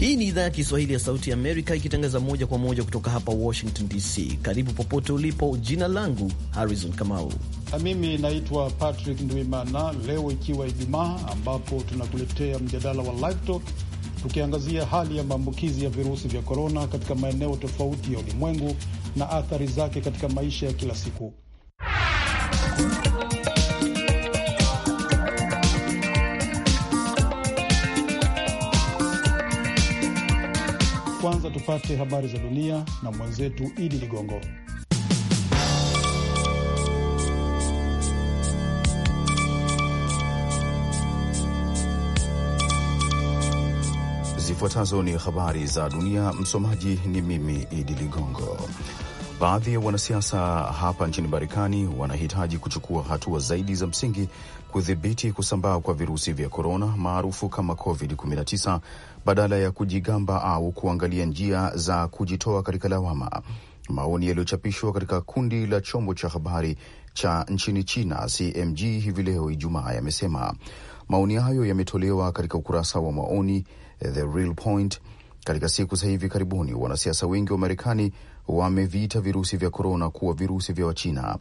Hii ni idhaa ya Kiswahili ya Sauti ya Amerika ikitangaza moja kwa moja kutoka hapa Washington DC. Karibu popote ulipo. Jina langu Harrison Kamau na mimi naitwa Patrick Ndwimana. Leo ikiwa Ijumaa, ambapo tunakuletea mjadala wa Live Talk tukiangazia hali ya maambukizi ya virusi vya korona katika maeneo tofauti ya ulimwengu na athari zake katika maisha ya kila siku. kwanza tupate habari za dunia na mwenzetu Idi Ligongo. Zifuatazo ni habari za dunia. Msomaji ni mimi Idi Ligongo. Baadhi ya wanasiasa hapa nchini Marekani wanahitaji kuchukua hatua zaidi za msingi kudhibiti kusambaa kwa virusi vya korona maarufu kama COVID-19 badala ya kujigamba au kuangalia njia za kujitoa katika lawama. Maoni yaliyochapishwa katika kundi la chombo cha habari cha nchini China CMG hivi leo Ijumaa yamesema maoni hayo yametolewa katika ukurasa wa maoni eh, The Real Point. Katika siku za hivi karibuni, wanasiasa wengi wa Marekani wameviita virusi vya korona kuwa virusi vya Wachina.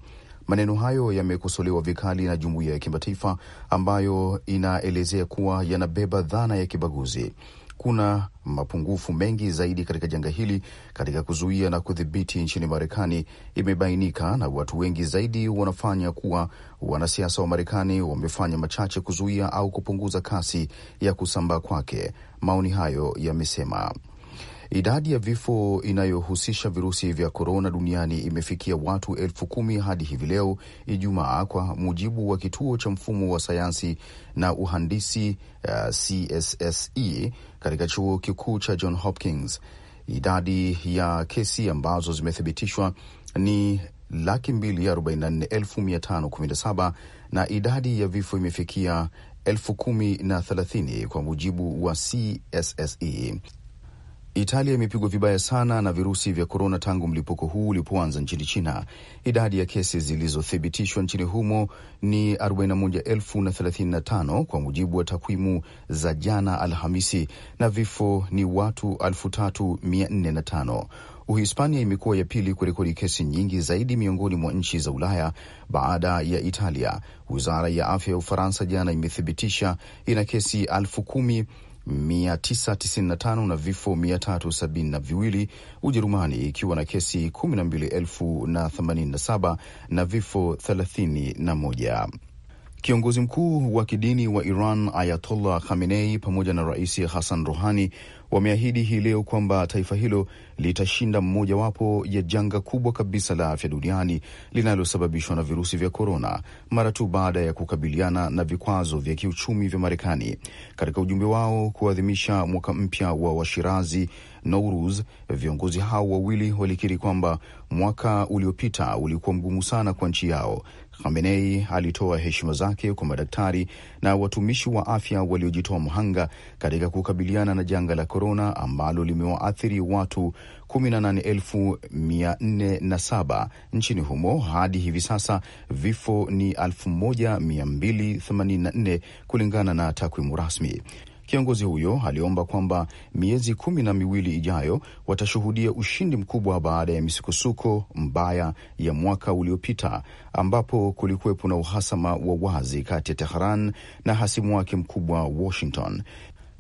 Maneno hayo yamekosolewa vikali na jumuiya ya kimataifa ambayo inaelezea kuwa yanabeba dhana ya kibaguzi kuna mapungufu mengi zaidi katika janga hili katika kuzuia na kudhibiti nchini Marekani imebainika, na watu wengi zaidi wanafanya kuwa wanasiasa wa Marekani wamefanya machache kuzuia au kupunguza kasi ya kusambaa kwake. Maoni hayo yamesema Idadi ya vifo inayohusisha virusi vya korona duniani imefikia watu elfu kumi hadi hivi leo Ijumaa, kwa mujibu wa kituo cha mfumo wa sayansi na uhandisi uh, CSSE katika chuo kikuu cha John Hopkins. Idadi ya kesi ambazo zimethibitishwa ni laki mbili arobaini na nne elfu mia tano kumi na saba na idadi ya vifo imefikia elfu kumi na thelathini kwa mujibu wa CSSE. Italia imepigwa vibaya sana na virusi vya korona tangu mlipuko huu ulipoanza nchini China. Idadi ya kesi zilizothibitishwa nchini humo ni 41,035 kwa mujibu wa takwimu za jana Alhamisi, na vifo ni watu 3,405. Uhispania imekuwa ya pili kurekodi kesi nyingi zaidi miongoni mwa nchi za Ulaya baada ya Italia. Wizara ya afya ya Ufaransa jana imethibitisha ina kesi elfu kumi 995 na vifo 372, Ujerumani ikiwa na kesi 12087 na vifo 31. Kiongozi mkuu wa kidini wa Iran Ayatollah Khamenei pamoja na Rais Hassan Rouhani wameahidi hii leo kwamba taifa hilo litashinda mmojawapo ya janga kubwa kabisa la afya duniani linalosababishwa na virusi vya korona mara tu baada ya kukabiliana na vikwazo vya kiuchumi vya Marekani. Katika ujumbe wao kuadhimisha mwaka mpya wa Washirazi Nouruz, viongozi hao wawili walikiri kwamba mwaka uliopita ulikuwa mgumu sana kwa nchi yao Khamenei alitoa heshima zake kwa madaktari na watumishi wa afya waliojitoa mhanga katika kukabiliana na janga la korona ambalo limewaathiri watu 18,407 nchini humo hadi hivi sasa. Vifo ni 1284 kulingana na takwimu rasmi. Kiongozi huyo aliomba kwamba miezi kumi na miwili ijayo watashuhudia ushindi mkubwa baada ya misukosuko mbaya ya mwaka uliopita ambapo kulikuwepo na uhasama wa wazi kati ya Tehran na hasimu wake mkubwa Washington.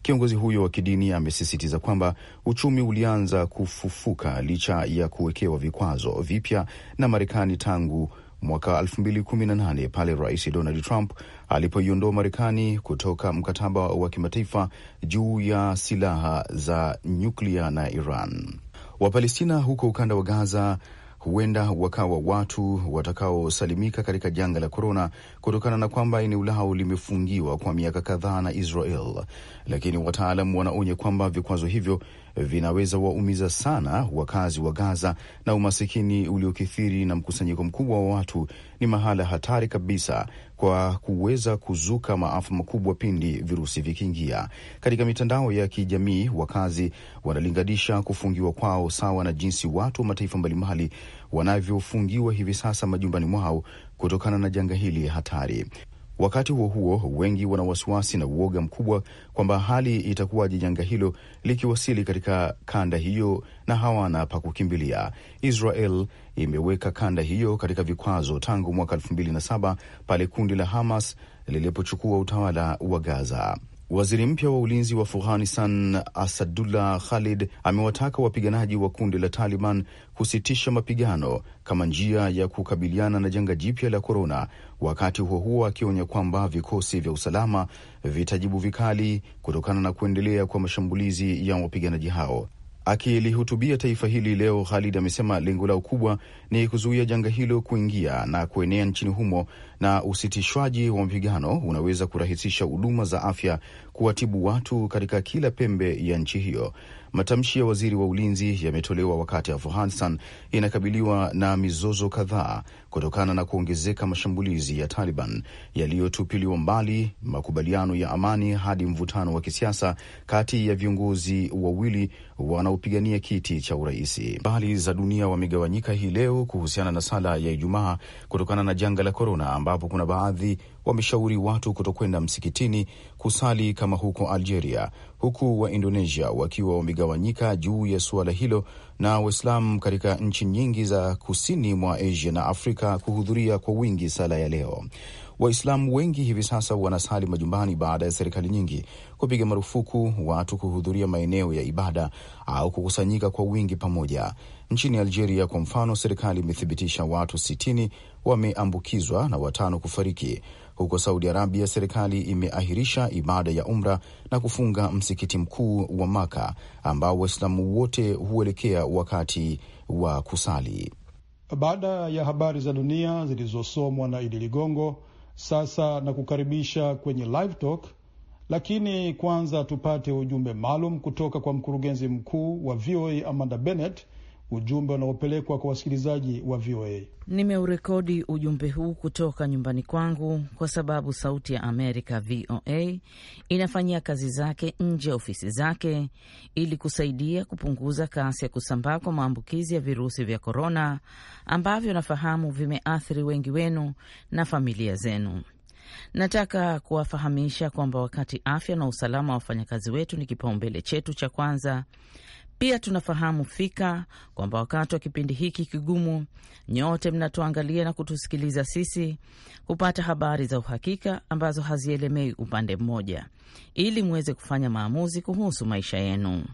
Kiongozi huyo wa kidini amesisitiza kwamba uchumi ulianza kufufuka licha ya kuwekewa vikwazo vipya na Marekani tangu mwaka 2018 pale Rais Donald Trump alipoiondoa Marekani kutoka mkataba wa kimataifa juu ya silaha za nyuklia na Iran. Wapalestina huko ukanda wa Gaza huenda wakawa watu watakaosalimika katika janga la korona kutokana na kwamba eneo lao limefungiwa kwa miaka kadhaa na Israel, lakini wataalam wanaonya kwamba vikwazo hivyo vinaweza waumiza sana wakazi wa Gaza, na umasikini uliokithiri na mkusanyiko mkubwa wa watu ni mahala hatari kabisa kwa kuweza kuzuka maafa makubwa pindi virusi vikiingia. Katika mitandao ya kijamii, wakazi wanalinganisha kufungiwa kwao sawa na jinsi watu wa mataifa mbalimbali wanavyofungiwa hivi sasa majumbani mwao kutokana na janga hili hatari. Wakati huo huo, wengi wana wasiwasi na uoga mkubwa kwamba hali itakuwaje janga hilo likiwasili katika kanda hiyo, na hawana pa kukimbilia. Israel imeweka kanda hiyo katika vikwazo tangu mwaka elfu mbili na saba pale kundi la Hamas lilipochukua utawala wa Gaza. Waziri mpya wa ulinzi wa Afghanistan Asadullah Khalid amewataka wapiganaji wa kundi la Taliban kusitisha mapigano kama njia ya kukabiliana na janga jipya la korona, wakati huo huo akionya kwamba vikosi vya usalama vitajibu vikali kutokana na kuendelea kwa mashambulizi ya wapiganaji hao. Akilihutubia taifa hili leo, Khalid amesema lengo lao kubwa ni kuzuia janga hilo kuingia na kuenea nchini humo, na usitishwaji wa mapigano unaweza kurahisisha huduma za afya, kuwatibu watu katika kila pembe ya nchi hiyo Matamshi ya waziri wa ulinzi yametolewa wakati Afghanistan inakabiliwa na mizozo kadhaa kutokana na kuongezeka mashambulizi ya Taliban yaliyotupiliwa mbali makubaliano ya amani hadi mvutano wa kisiasa kati ya viongozi wawili wanaopigania kiti cha uraisi. Bali za dunia wamegawanyika hii leo kuhusiana na sala ya Ijumaa kutokana na janga la korona, ambapo kuna baadhi wameshauri watu kutokwenda msikitini kusali kama huko Algeria, huku wa Indonesia wakiwa wamegawanyika juu ya suala hilo na Waislamu katika nchi nyingi za kusini mwa Asia na Afrika kuhudhuria kwa wingi sala ya leo. Waislamu wengi hivi sasa wanasali majumbani baada ya serikali nyingi kupiga marufuku watu kuhudhuria maeneo ya ibada au kukusanyika kwa wingi pamoja. Nchini Algeria kwa mfano, serikali imethibitisha watu sitini wameambukizwa na watano kufariki huko Saudi Arabia, serikali imeahirisha ibada ya umra na kufunga msikiti mkuu wa Maka ambao Waislamu wote huelekea wakati wa kusali. Baada ya habari za dunia zilizosomwa na Idi Ligongo, sasa na kukaribisha kwenye live talk, lakini kwanza tupate ujumbe maalum kutoka kwa mkurugenzi mkuu wa VOA Amanda Bennett ujumbe unaopelekwa kwa wasikilizaji wa VOA. Nimeurekodi ujumbe huu kutoka nyumbani kwangu kwa sababu Sauti ya Amerika VOA inafanyia kazi zake nje ya ofisi zake ili kusaidia kupunguza kasi ya kusambaa kwa maambukizi ya virusi vya korona ambavyo nafahamu vimeathiri wengi wenu na familia zenu. Nataka kuwafahamisha kwamba wakati afya na usalama wa wafanyakazi wetu ni kipaumbele chetu cha kwanza, pia tunafahamu fika kwamba wakati wa kipindi hiki kigumu, nyote mnatuangalia na kutusikiliza sisi kupata habari za uhakika ambazo hazielemei upande mmoja, ili mweze kufanya maamuzi kuhusu maisha yenu.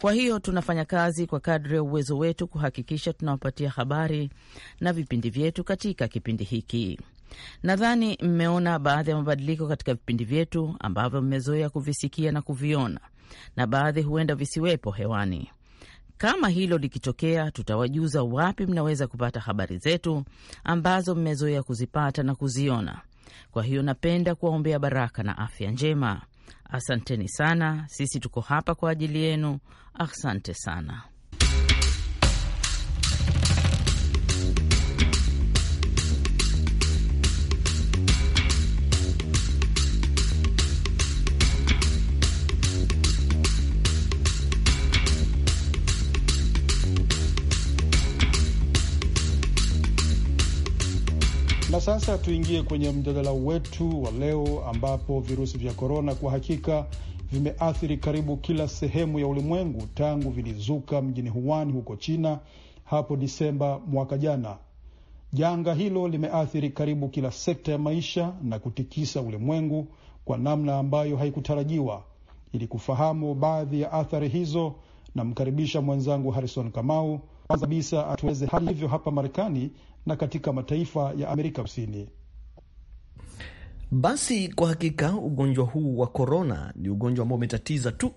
Kwa hiyo tunafanya kazi kwa kadri ya uwezo wetu kuhakikisha tunawapatia habari na vipindi vyetu katika kipindi hiki. Nadhani mmeona baadhi ya mabadiliko katika vipindi vyetu ambavyo mmezoea kuvisikia na kuviona na baadhi huenda visiwepo hewani. Kama hilo likitokea, tutawajuza wapi mnaweza kupata habari zetu ambazo mmezoea kuzipata na kuziona. Kwa hiyo napenda kuwaombea baraka na afya njema. Asanteni sana, sisi tuko hapa kwa ajili yenu. Asante sana. Na sasa tuingie kwenye mjadala wetu wa leo, ambapo virusi vya korona kwa hakika vimeathiri karibu kila sehemu ya ulimwengu tangu vilizuka mjini Wuhan huko China hapo Disemba mwaka jana. Janga hilo limeathiri karibu kila sekta ya maisha na kutikisa ulimwengu kwa namna ambayo haikutarajiwa. Ili kufahamu baadhi ya athari hizo, namkaribisha mwenzangu Harrison Kamau. Kwanza kabisa atueleze hali hivyo hapa Marekani na katika mataifa ya Amerika Kusini. Basi kwa hakika ugonjwa huu wa korona ni ugonjwa ambao umetatiza tu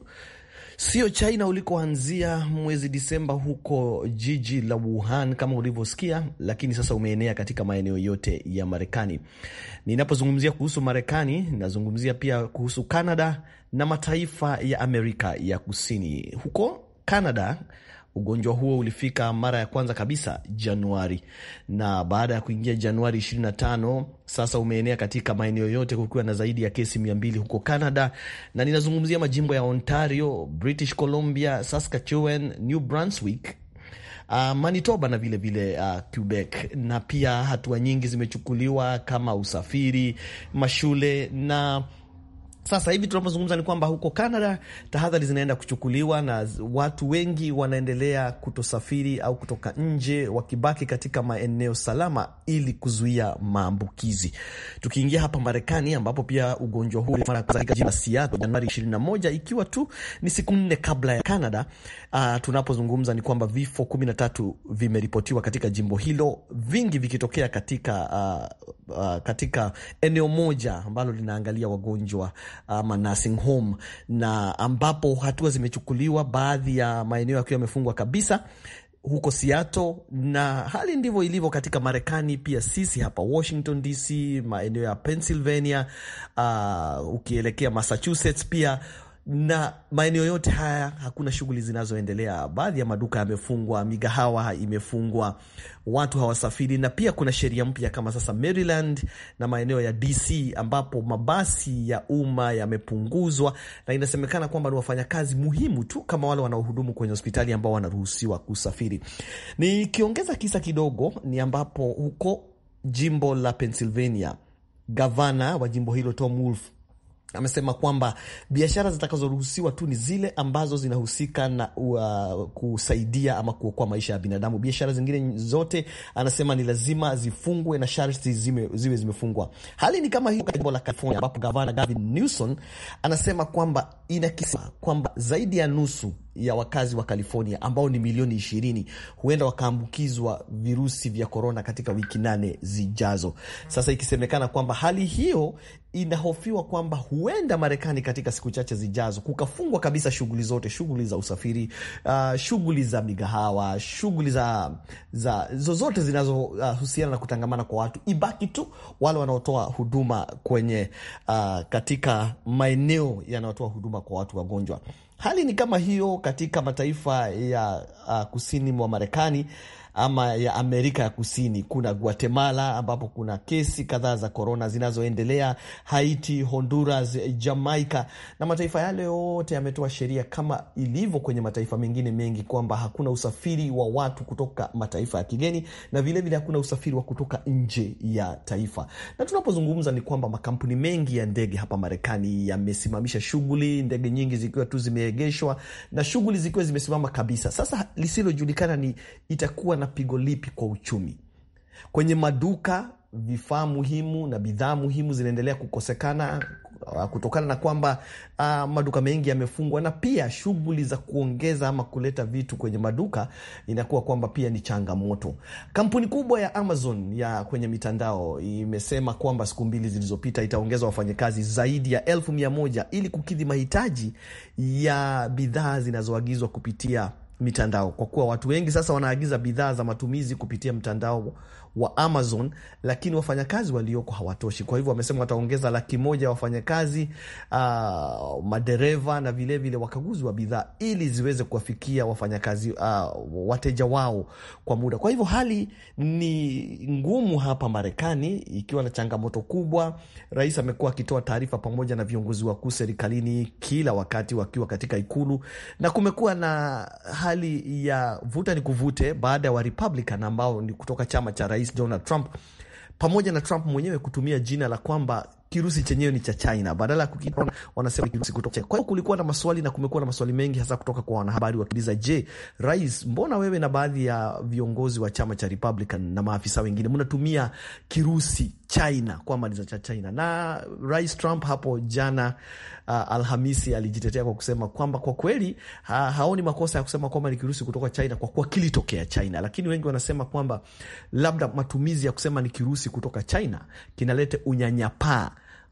sio China ulikoanzia mwezi Disemba huko jiji la Wuhan kama ulivyosikia, lakini sasa umeenea katika maeneo yote ya Marekani. Ninapozungumzia kuhusu Marekani, nazungumzia pia kuhusu Kanada na mataifa ya Amerika ya Kusini. Huko Kanada Ugonjwa huo ulifika mara ya kwanza kabisa Januari, na baada ya kuingia Januari 25 sasa umeenea katika maeneo yote, kukiwa na zaidi ya kesi 200 huko Canada, na ninazungumzia majimbo ya Ontario, British Columbia, Saskatchewan, New Brunswick, Uh, Manitoba na vilevile vile, uh, Quebec na pia hatua nyingi zimechukuliwa kama usafiri, mashule na sasa hivi tunapozungumza ni kwamba huko Canada tahadhari zinaenda kuchukuliwa na watu wengi wanaendelea kutosafiri au kutoka nje, wakibaki katika maeneo salama ili kuzuia maambukizi. Tukiingia hapa Marekani, ambapo pia ugonjwa huu Seattle Januari 21 ikiwa tu ni siku nne kabla ya Canada. Uh, tunapozungumza ni kwamba vifo 13 vimeripotiwa katika jimbo hilo, vingi vikitokea katika, uh, uh, katika eneo moja ambalo linaangalia wagonjwa ama nursing home, na ambapo hatua zimechukuliwa, baadhi ya maeneo yakiwa yamefungwa kabisa huko Seattle, na hali ndivyo ilivyo katika Marekani. Pia sisi hapa Washington DC, maeneo ya Pennsylvania, uh, ukielekea Massachusetts pia na maeneo yote haya hakuna shughuli zinazoendelea. Baadhi ya maduka yamefungwa, migahawa imefungwa, watu hawasafiri, na pia kuna sheria mpya kama sasa Maryland na maeneo ya DC ambapo mabasi ya umma yamepunguzwa, na inasemekana kwamba ni wafanyakazi muhimu tu kama wale wanaohudumu kwenye hospitali ambao wanaruhusiwa kusafiri. Nikiongeza kisa kidogo, ni ambapo huko jimbo la Pennsylvania, gavana wa jimbo hilo Tom Wolf amesema kwamba biashara zitakazoruhusiwa tu ni zile ambazo zinahusika na ua, uh, kusaidia ama kuokoa maisha ya binadamu. Biashara zingine zote anasema ni lazima zifungwe na sharti zime, ziwe zimefungwa. Hali ni kama hiyo jimbo la California, ambapo gavana Gavin Newsom anasema kwamba inakisa kwamba zaidi ya nusu ya wakazi wa California ambao ni milioni ishirini huenda wakaambukizwa virusi vya korona katika wiki nane zijazo. Sasa ikisemekana kwamba hali hiyo inahofiwa kwamba huenda Marekani katika siku chache zijazo kukafungwa kabisa shughuli zote, shughuli za usafiri, uh, shughuli za migahawa, shughuli za, za zozote zinazohusiana uh, na kutangamana kwa watu, ibaki tu wale wanaotoa huduma kwenye uh, katika maeneo yanayotoa huduma kwa watu wagonjwa. Hali ni kama hiyo katika mataifa ya uh, kusini mwa Marekani ama ya Amerika ya Kusini, kuna Guatemala ambapo kuna kesi kadhaa za korona zinazoendelea, Haiti, Honduras, Jamaica, na mataifa yale yote yametoa sheria kama ilivyo kwenye mataifa mengine mengi kwamba hakuna usafiri wa watu kutoka mataifa ya kigeni na vilevile hakuna usafiri wa kutoka nje ya taifa. Na tunapozungumza ni kwamba makampuni mengi ya ndege hapa Marekani yamesimamisha shughuli, ndege nyingi zikiwa tu zimeegeshwa na shughuli zikiwa zimesimama kabisa. Sasa lisilojulikana ni itakuwa na pigo lipi kwa uchumi. Kwenye maduka vifaa muhimu na bidhaa muhimu zinaendelea kukosekana ah, kutokana na kwamba uh, maduka mengi yamefungwa, na pia shughuli za kuongeza ama kuleta vitu kwenye maduka inakuwa kwamba pia ni changamoto. Kampuni kubwa ya Amazon ya kwenye mitandao imesema kwamba siku mbili zilizopita itaongeza wafanyakazi zaidi ya elfu mia moja ili kukidhi mahitaji ya bidhaa zinazoagizwa kupitia mitandao, kwa kuwa watu wengi sasa wanaagiza bidhaa za matumizi kupitia mtandao wa Amazon, lakini wafanyakazi walioko hawatoshi. Kwa hivyo wamesema wataongeza laki moja ya wafanyakazi uh, madereva na vilevile vile wakaguzi wa bidhaa ili ziweze kuwafikia wafanyakazi uh, wateja wao kwa muda. Kwa hivyo hali ni ngumu hapa Marekani ikiwa na changamoto kubwa. Rais amekuwa akitoa taarifa pamoja na viongozi wakuu serikalini kila wakati wakiwa katika Ikulu, na kumekuwa na hali ya vuta ni kuvute baada ya Warepublican ambao ni kutoka chama cha rais Rais Donald Trump pamoja na Trump mwenyewe kutumia jina la kwamba kirusi chenyewe ni cha China badala ya kukiona wanasema kirusi kutoka China. Kwa hiyo kulikuwa na maswali na kumekuwa na maswali mengi hasa kutoka kwa wanahabari wakiuliza, je, rais, mbona wewe na baadhi ya viongozi wa chama cha Republican na maafisa wengine mnatumia kirusi China kwa mali za cha China? Na Rais Trump hapo jana uh, Alhamisi alijitetea kwa kusema kwamba kwa kweli ha, haoni makosa ya kusema kwamba ni kirusi kutoka China kwa kuwa kilitokea China, lakini wengi wanasema kwamba labda matumizi ya kusema ni kirusi kutoka China kinaleta unyanyapaa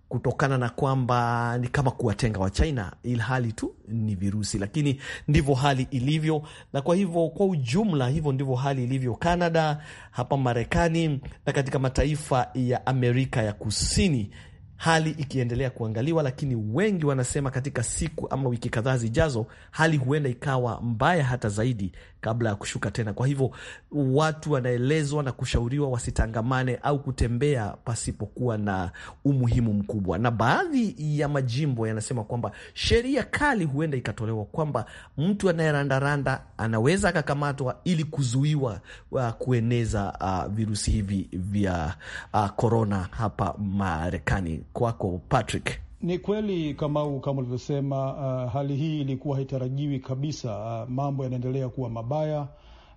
kutokana na kwamba ni kama kuwatenga wa China ilhali tu ni virusi, lakini ndivyo hali ilivyo. Na kwa hivyo kwa ujumla, hivyo ndivyo hali ilivyo Canada, hapa Marekani na katika mataifa ya Amerika ya Kusini, hali ikiendelea kuangaliwa, lakini wengi wanasema katika siku ama wiki kadhaa zijazo, hali huenda ikawa mbaya hata zaidi kabla ya kushuka tena. Kwa hivyo watu wanaelezwa na kushauriwa wasitangamane au kutembea pasipokuwa na umuhimu mkubwa, na baadhi ya majimbo yanasema kwamba sheria kali huenda ikatolewa kwamba mtu anayerandaranda anaweza akakamatwa ili kuzuiwa uh, kueneza uh, virusi hivi vya korona uh, hapa Marekani. Kwako Patrick. Ni kweli Kamau, kama ulivyosema, uh, hali hii ilikuwa haitarajiwi kabisa. Uh, mambo yanaendelea kuwa mabaya.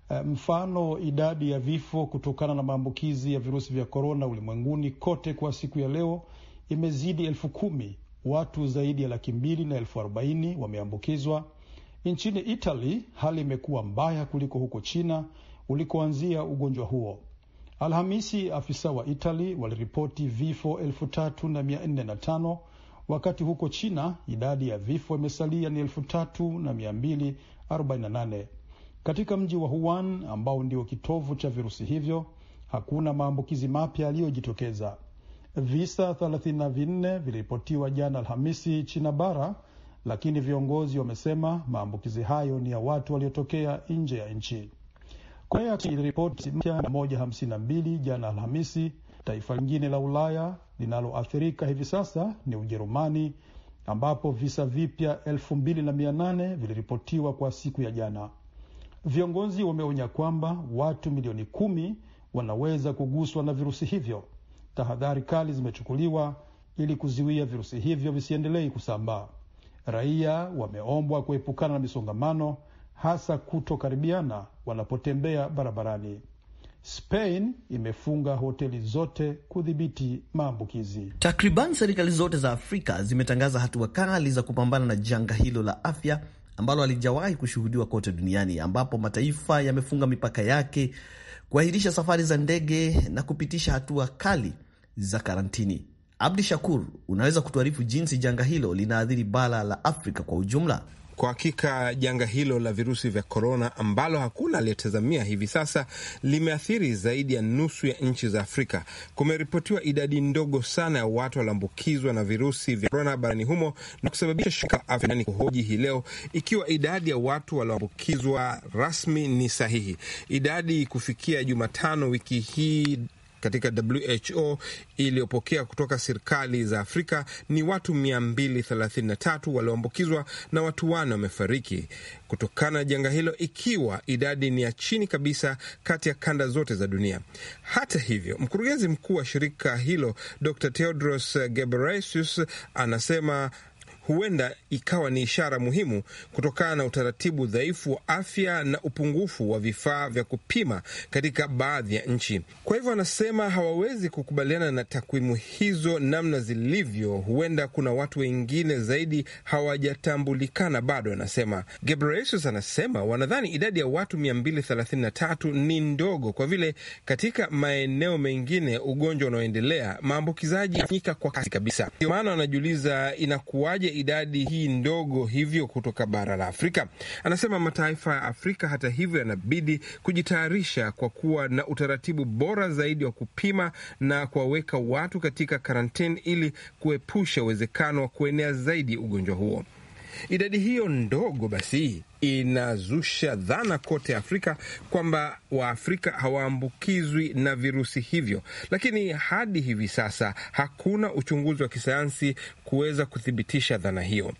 Uh, mfano idadi ya vifo kutokana na maambukizi ya virusi vya korona ulimwenguni kote kwa siku ya leo imezidi elfu kumi. Watu zaidi ya laki mbili na elfu arobaini wameambukizwa. Nchini Italy hali imekuwa mbaya kuliko huko China ulikoanzia ugonjwa huo. Alhamisi afisa wa Italy waliripoti vifo elfu tatu na mia nne na tano wakati huko China idadi ya vifo imesalia ni elfu tatu na mia mbili arobaini na nane. Katika mji wa Wuhan ambao ndio kitovu cha virusi hivyo, hakuna maambukizi mapya yaliyojitokeza. Visa 34 vinne viliripotiwa jana Alhamisi China bara, lakini viongozi wamesema maambukizi hayo ni ya watu waliotokea nje ya nchi. Korea iliripoti mpya 152 jana Alhamisi Taifa lingine la Ulaya linaloathirika hivi sasa ni Ujerumani ambapo visa vipya elfu mbili na mia nane viliripotiwa kwa siku ya jana. Viongozi wameonya kwamba watu milioni kumi wanaweza kuguswa na virusi hivyo. Tahadhari kali zimechukuliwa ili kuziwia virusi hivyo visiendelei kusambaa. Raia wameombwa kuepukana na misongamano, hasa kutokaribiana wanapotembea barabarani. Spain imefunga hoteli zote kudhibiti maambukizi. Takriban serikali zote za Afrika zimetangaza hatua kali za kupambana na janga hilo la afya ambalo halijawahi kushuhudiwa kote duniani, ambapo mataifa yamefunga mipaka yake, kuahirisha safari za ndege na kupitisha hatua kali za karantini. Abdi Shakur, unaweza kutuarifu jinsi janga hilo linaathiri bara la Afrika kwa ujumla? Kwa hakika janga hilo la virusi vya korona ambalo hakuna aliyetazamia hivi sasa limeathiri zaidi ya nusu ya nchi za Afrika. Kumeripotiwa idadi ndogo sana ya watu walioambukizwa na virusi vya korona barani humo na kusababisha shirika la afya duniani kuhoji hii leo ikiwa idadi ya watu walioambukizwa rasmi ni sahihi. Idadi kufikia Jumatano wiki hii katika WHO iliyopokea kutoka serikali za Afrika ni watu 233 walioambukizwa na watu wane wamefariki kutokana na janga hilo, ikiwa idadi ni ya chini kabisa kati ya kanda zote za dunia. Hata hivyo, mkurugenzi mkuu wa shirika hilo Dr Tedros Ghebreyesus anasema huenda ikawa ni ishara muhimu kutokana na utaratibu dhaifu wa afya na upungufu wa vifaa vya kupima katika baadhi ya nchi. Kwa hivyo, anasema hawawezi kukubaliana na takwimu hizo namna zilivyo, huenda kuna watu wengine zaidi hawajatambulikana bado, anasema Gebreyesus. Anasema wanadhani idadi ya watu 233 ni ndogo kwa vile katika maeneo mengine ugonjwa unaoendelea maambukizaji fanyika kwa kasi kabisa. Ndio maana wanajiuliza inakuwaje idadi hii ndogo hivyo kutoka bara la Afrika. Anasema mataifa ya Afrika hata hivyo yanabidi kujitayarisha kwa kuwa na utaratibu bora zaidi wa kupima na kuwaweka watu katika karantini ili kuepusha uwezekano wa kuenea zaidi ugonjwa huo. Idadi hiyo ndogo basi inazusha dhana kote Afrika kwamba Waafrika hawaambukizwi na virusi hivyo, lakini hadi hivi sasa hakuna uchunguzi wa kisayansi kuweza kuthibitisha dhana hiyo.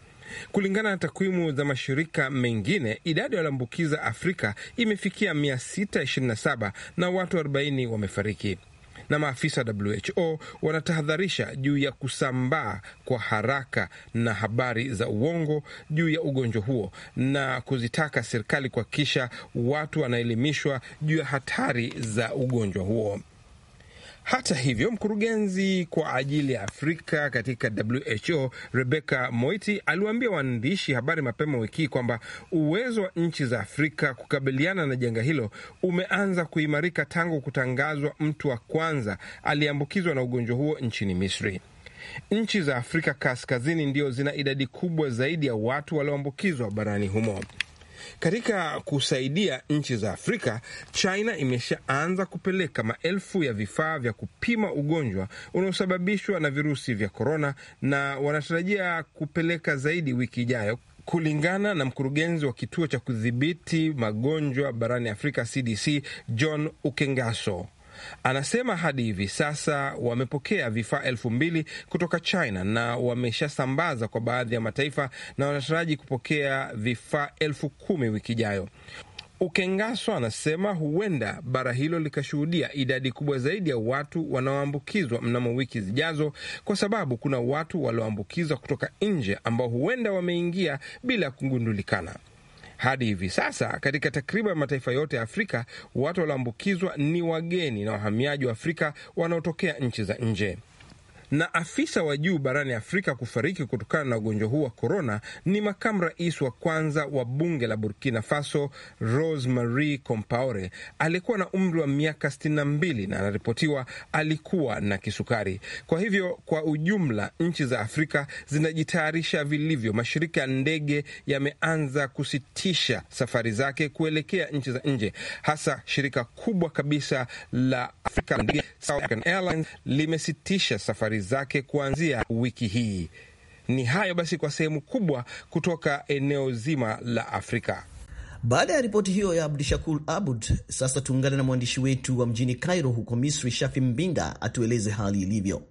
Kulingana na takwimu za mashirika mengine, idadi ya walioambukiza Afrika imefikia 627 na watu 40 wamefariki na maafisa wa WHO wanatahadharisha juu ya kusambaa kwa haraka na habari za uongo juu ya ugonjwa huo na kuzitaka serikali kuhakikisha watu wanaelimishwa juu ya hatari za ugonjwa huo. Hata hivyo, mkurugenzi kwa ajili ya Afrika katika WHO Rebecca Moiti aliwaambia waandishi habari mapema wiki hii kwamba uwezo wa nchi za Afrika kukabiliana na janga hilo umeanza kuimarika tangu kutangazwa mtu wa kwanza aliyeambukizwa na ugonjwa huo nchini Misri. Nchi za Afrika kaskazini ndio zina idadi kubwa zaidi ya watu walioambukizwa barani humo. Katika kusaidia nchi za Afrika, China imeshaanza kupeleka maelfu ya vifaa vya kupima ugonjwa unaosababishwa na virusi vya korona, na wanatarajia kupeleka zaidi wiki ijayo kulingana na mkurugenzi wa kituo cha kudhibiti magonjwa barani Afrika, CDC, John Ukengaso. Anasema hadi hivi sasa wamepokea vifaa elfu mbili kutoka China na wameshasambaza kwa baadhi ya mataifa na wanataraji kupokea vifaa elfu kumi wiki ijayo. Ukengaso anasema huenda bara hilo likashuhudia idadi kubwa zaidi ya watu wanaoambukizwa mnamo wiki zijazo, kwa sababu kuna watu walioambukizwa kutoka nje ambao huenda wameingia bila kugundulikana. Hadi hivi sasa katika takriban mataifa yote ya Afrika watu walioambukizwa ni wageni na wahamiaji wa Afrika wanaotokea nchi za nje na afisa wa juu barani Afrika kufariki kutokana na ugonjwa huu wa korona ni makamu rais wa kwanza wa bunge la Burkina Faso Rose Marie Compaore aliyekuwa na umri wa miaka 62 na anaripotiwa alikuwa na kisukari. Kwa hivyo, kwa ujumla nchi za Afrika zinajitayarisha vilivyo. Mashirika ya ndege yameanza kusitisha safari zake kuelekea nchi za nje, hasa shirika kubwa kabisa la Afrika Airlines limesitisha safari zake kuanzia wiki hii. Ni hayo basi kwa sehemu kubwa kutoka eneo zima la Afrika. Baada ya ripoti hiyo ya Abdishakur Abud, sasa tuungane na mwandishi wetu wa mjini Cairo huko Misri, Shafi Mbinda atueleze hali ilivyo.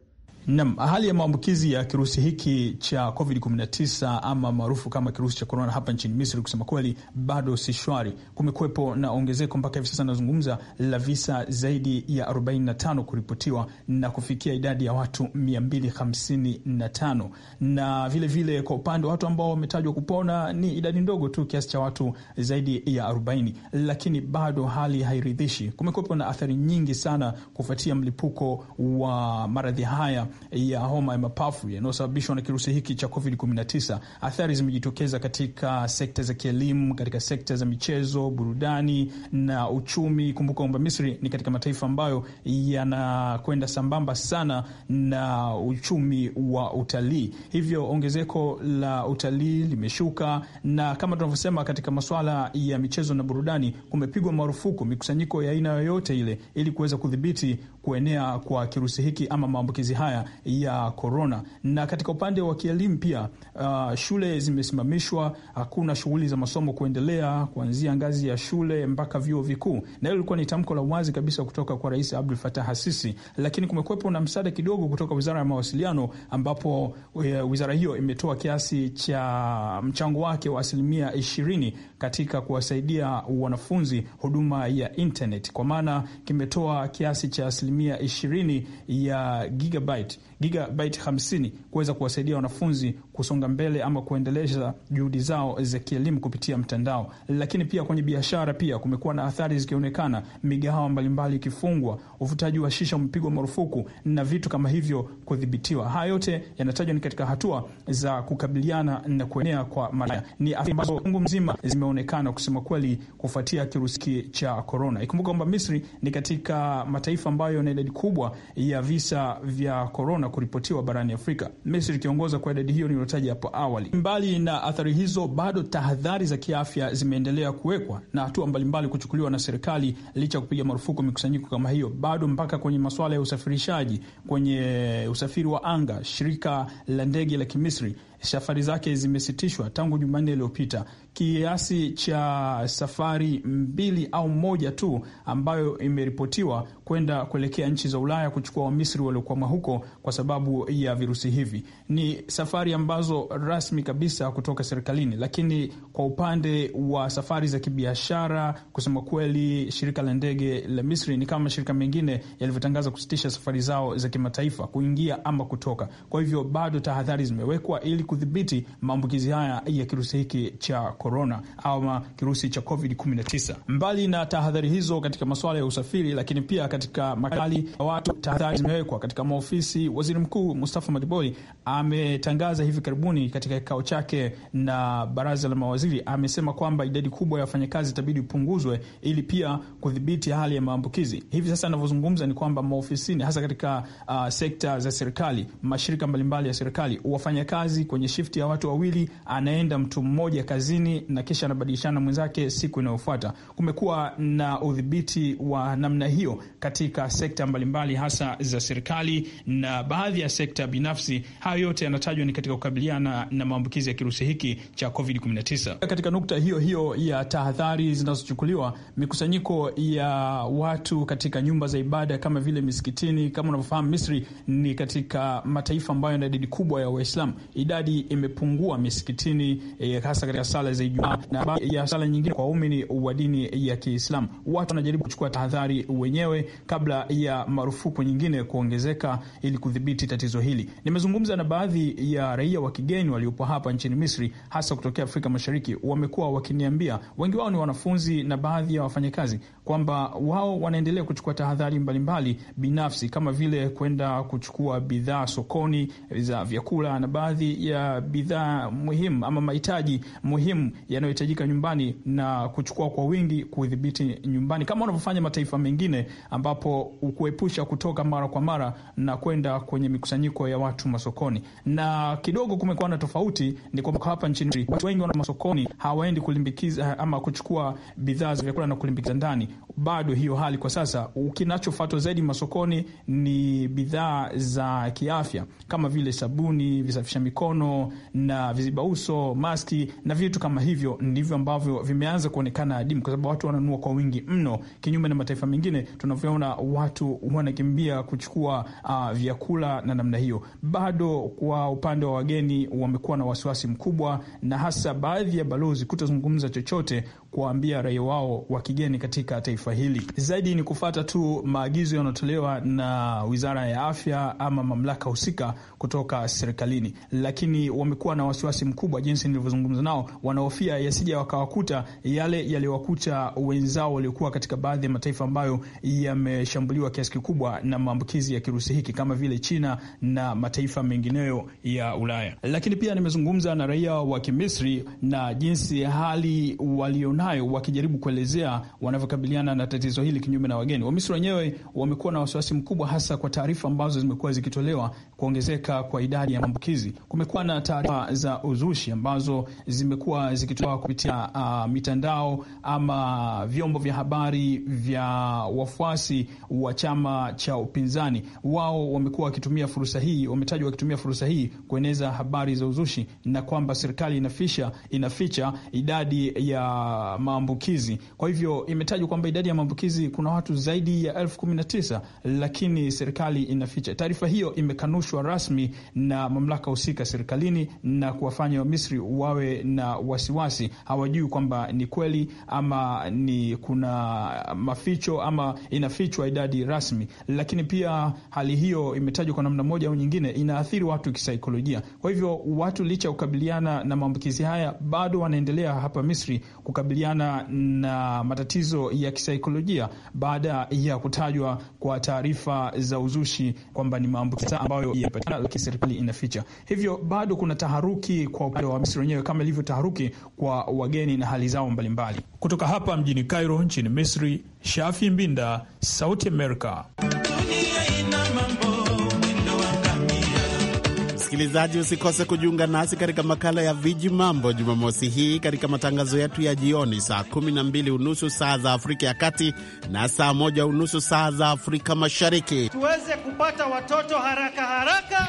Nam, hali ya maambukizi ya kirusi hiki cha COVID-19 ama maarufu kama kirusi cha korona hapa nchini Misri, kusema kweli, bado si shwari. Kumekuwepo na ongezeko mpaka hivi sasa nazungumza la visa zaidi ya 45 kuripotiwa na kufikia idadi ya watu 255, na vilevile vile kwa upande wa watu ambao wametajwa kupona ni idadi ndogo tu, kiasi cha watu zaidi ya 40, lakini bado hali hairidhishi. Kumekuwepo na athari nyingi sana kufuatia mlipuko wa maradhi haya ya homa ya mapafu yanayosababishwa na kirusi hiki cha COVID-19. Athari zimejitokeza katika sekta za kielimu, katika sekta za michezo, burudani na uchumi. Kumbuka kwamba Misri ni katika mataifa ambayo yanakwenda sambamba sana na uchumi wa utalii, hivyo ongezeko la utalii limeshuka, na kama tunavyosema, katika masuala ya michezo na burudani kumepigwa marufuku mikusanyiko ya aina yoyote ile, ili kuweza kudhibiti kuenea kwa kirusi hiki ama maambukizi haya ya korona. Na katika upande wa kielimu pia, uh, shule zimesimamishwa, hakuna shughuli za masomo kuendelea kuanzia ngazi ya shule mpaka vyuo vikuu, na hilo lilikuwa ni tamko la wazi kabisa kutoka kwa Rais Abdul fatah Hasisi, lakini kumekuwepo na msaada kidogo kutoka Wizara ya Mawasiliano, ambapo uh, wizara hiyo imetoa kiasi cha mchango wake wa asilimia ishirini katika kuwasaidia wanafunzi huduma ya internet, kwa maana kimetoa kiasi cha asilimia ishirini ya gigabit gigabyte 50 kuweza kuwasaidia wanafunzi kusonga mbele ama kuendeleza juhudi zao za kielimu kupitia mtandao. Lakini pia kwenye biashara pia kumekuwa na athari zikionekana, migahawa mbalimbali ikifungwa, uvutaji wa shisha umepigwa marufuku na vitu kama hivyo kudhibitiwa. Haya yote yanatajwa ni katika hatua za kukabiliana na kuenea kwa malaya. Ni athari ambazo ungu mzima zimeonekana kusema kweli, kufuatia kirusi cha korona. Ikumbuka kwamba Misri ni katika mataifa ambayo yana idadi kubwa ya visa vya korona kuripotiwa barani Afrika, Misri ikiongoza kwa idadi hiyo ni niliyotaja hapo awali. Mbali na athari hizo, bado tahadhari za kiafya zimeendelea kuwekwa na hatua mbalimbali kuchukuliwa na serikali, licha ya kupiga marufuku mikusanyiko kama hiyo, bado mpaka kwenye masuala ya usafirishaji, kwenye usafiri wa anga, shirika la ndege la Kimisri safari zake zimesitishwa tangu Jumanne iliyopita kiasi cha safari mbili au moja tu ambayo imeripotiwa kwenda kuelekea nchi za Ulaya kuchukua Wamisri waliokwama huko kwa sababu ya virusi hivi. Ni safari ambazo rasmi kabisa kutoka serikalini, lakini kwa upande wa safari za kibiashara, kusema kweli, shirika la ndege la Misri ni kama mashirika mengine yalivyotangaza kusitisha safari zao za kimataifa kuingia ama kutoka. Kwa hivyo bado tahadhari zimewekwa ili kudhibiti maambukizi haya ya kirusi hiki cha corona ama kirusi cha COVID-19. Mbali na tahadhari hizo katika masuala ya usafiri, lakini pia katika makali ya watu, tahadhari zimewekwa katika maofisi. Waziri Mkuu Mustafa Madiboli ametangaza hivi karibuni katika kikao chake na baraza la mawaziri, amesema kwamba idadi kubwa ya wafanyakazi itabidi ipunguzwe ili pia kudhibiti hali ya maambukizi. Hivi sasa anavyozungumza ni kwamba maofisini, hasa katika uh, sekta za serikali, mashirika mbalimbali ya serikali, wafanyakazi kwenye shifti ya watu wawili, anaenda mtu mmoja kazini fulani na kisha anabadilishana mwenzake siku inayofuata. Kumekuwa na udhibiti wa namna hiyo katika sekta mbalimbali, hasa za serikali na baadhi ya sekta binafsi. Hayo yote yanatajwa ni katika kukabiliana na maambukizi ya kirusi hiki cha COVID-19. Katika nukta hiyo hiyo ya tahadhari zinazochukuliwa, mikusanyiko ya watu katika nyumba za ibada kama vile misikitini, kama unavyofahamu, Misri ni katika mataifa ambayo yana idadi kubwa ya Waislamu. Idadi imepungua misikitini, e, hasa katika sala za Ijumaa na baadhi ya sala nyingine kwa waumini wa dini ya Kiislamu. Watu wanajaribu kuchukua tahadhari wenyewe kabla ya marufuku nyingine kuongezeka ili kudhibiti tatizo hili. Nimezungumza na baadhi ya raia wa kigeni waliopo hapa nchini Misri, hasa kutokea Afrika Mashariki. Wamekuwa wakiniambia, wengi wao ni wanafunzi na baadhi ya wafanyakazi, kwamba wao wanaendelea kuchukua tahadhari mbalimbali binafsi kama vile kwenda kuchukua bidhaa sokoni za vyakula na baadhi ya bidhaa muhimu ama mahitaji muhimu yanayohitajika nyumbani na kuchukua kwa wingi kudhibiti nyumbani kama wanavyofanya mataifa mengine, ambapo kuepusha kutoka mara kwa mara na kwenda kwenye mikusanyiko ya watu masokoni. Na kidogo kumekuwa na tofauti, ni kwamba hapa nchini watu wengi wana masokoni hawaendi kulimbikiza ama kuchukua bidhaa za vyakula na kulimbikiza ndani. Bado hiyo hali kwa sasa, kinachofuatwa zaidi masokoni ni bidhaa za kiafya kama vile sabuni, visafisha mikono na vizibauso, maski na vitu kama hivyo ndivyo ambavyo vimeanza kuonekana adimu, kwa sababu watu wananua kwa wingi mno, kinyume na mataifa mengine tunavyoona watu wanakimbia kuchukua uh, vyakula na namna hiyo. Bado kwa upande wa wageni wamekuwa na wasiwasi mkubwa, na hasa baadhi ya balozi kutozungumza chochote kuwaambia raia wao wa kigeni katika taifa hili. Zaidi ni kufata tu maagizo yanayotolewa na wizara ya afya ama mamlaka husika kutoka serikalini, lakini wamekuwa na wasiwasi mkubwa jinsi nilivyozungumza nao wana wanaofia yasija wakawakuta yale yaliyowakuta wenzao waliokuwa katika baadhi ya mataifa ambayo yameshambuliwa kiasi kikubwa na maambukizi ya kirusi hiki kama vile China na mataifa mengineyo ya Ulaya. Lakini pia nimezungumza na raia wa Kimisri na jinsi hali walionayo wakijaribu kuelezea wanavyokabiliana na tatizo hili kinyume na wageni. Wamisri wenyewe wamekuwa na wasiwasi mkubwa, hasa kwa taarifa ambazo zimekuwa zikitolewa kuongezeka kwa idadi ya maambukizi. Kumekuwa na taarifa za uzushi ambazo zimekuwa zikitoa kupitia uh, mitandao ama vyombo vya habari vya wafuasi wa chama cha upinzani. Wao wamekuwa wakitumia fursa hii, wametajwa wakitumia fursa hii kueneza habari za uzushi na kwamba serikali inafisha, inaficha idadi ya maambukizi. Kwa hivyo imetajwa kwamba idadi ya maambukizi kuna watu zaidi ya elfu kumi na tisa lakini serikali inaficha. Taarifa hiyo imekanushwa rasmi na mamlaka husika serikalini na kuwafanya Wamisri wawe na wasiwasi, hawajui kwamba ni kweli ama ni kuna maficho ama inafichwa idadi rasmi. Lakini pia hali hiyo imetajwa kwa namna moja au nyingine, inaathiri watu kisaikolojia. Kwa hivyo watu licha ya kukabiliana na maambukizi haya bado wanaendelea hapa Misri kukabiliana na matatizo ya kisaikolojia baada ya kutajwa kwa taarifa za uzushi kwamba ni maambukizi ambayo yapatikana, lakini serikali inaficha. Hivyo bado kuna taharuki kwa upande wa Misri wenyewe, kama ilivyo taharuki kwa wageni na hali zao mbalimbali. Kutoka hapa mjini Cairo nchini Misri, Shafi Mbinda, Sauti Amerika. Msikilizaji, usikose kujiunga nasi katika makala ya Viji Mambo Jumamosi hii katika matangazo yetu ya jioni saa kumi na mbili unusu saa za Afrika ya Kati na saa moja unusu saa za Afrika Mashariki, tuweze kupata watoto haraka haraka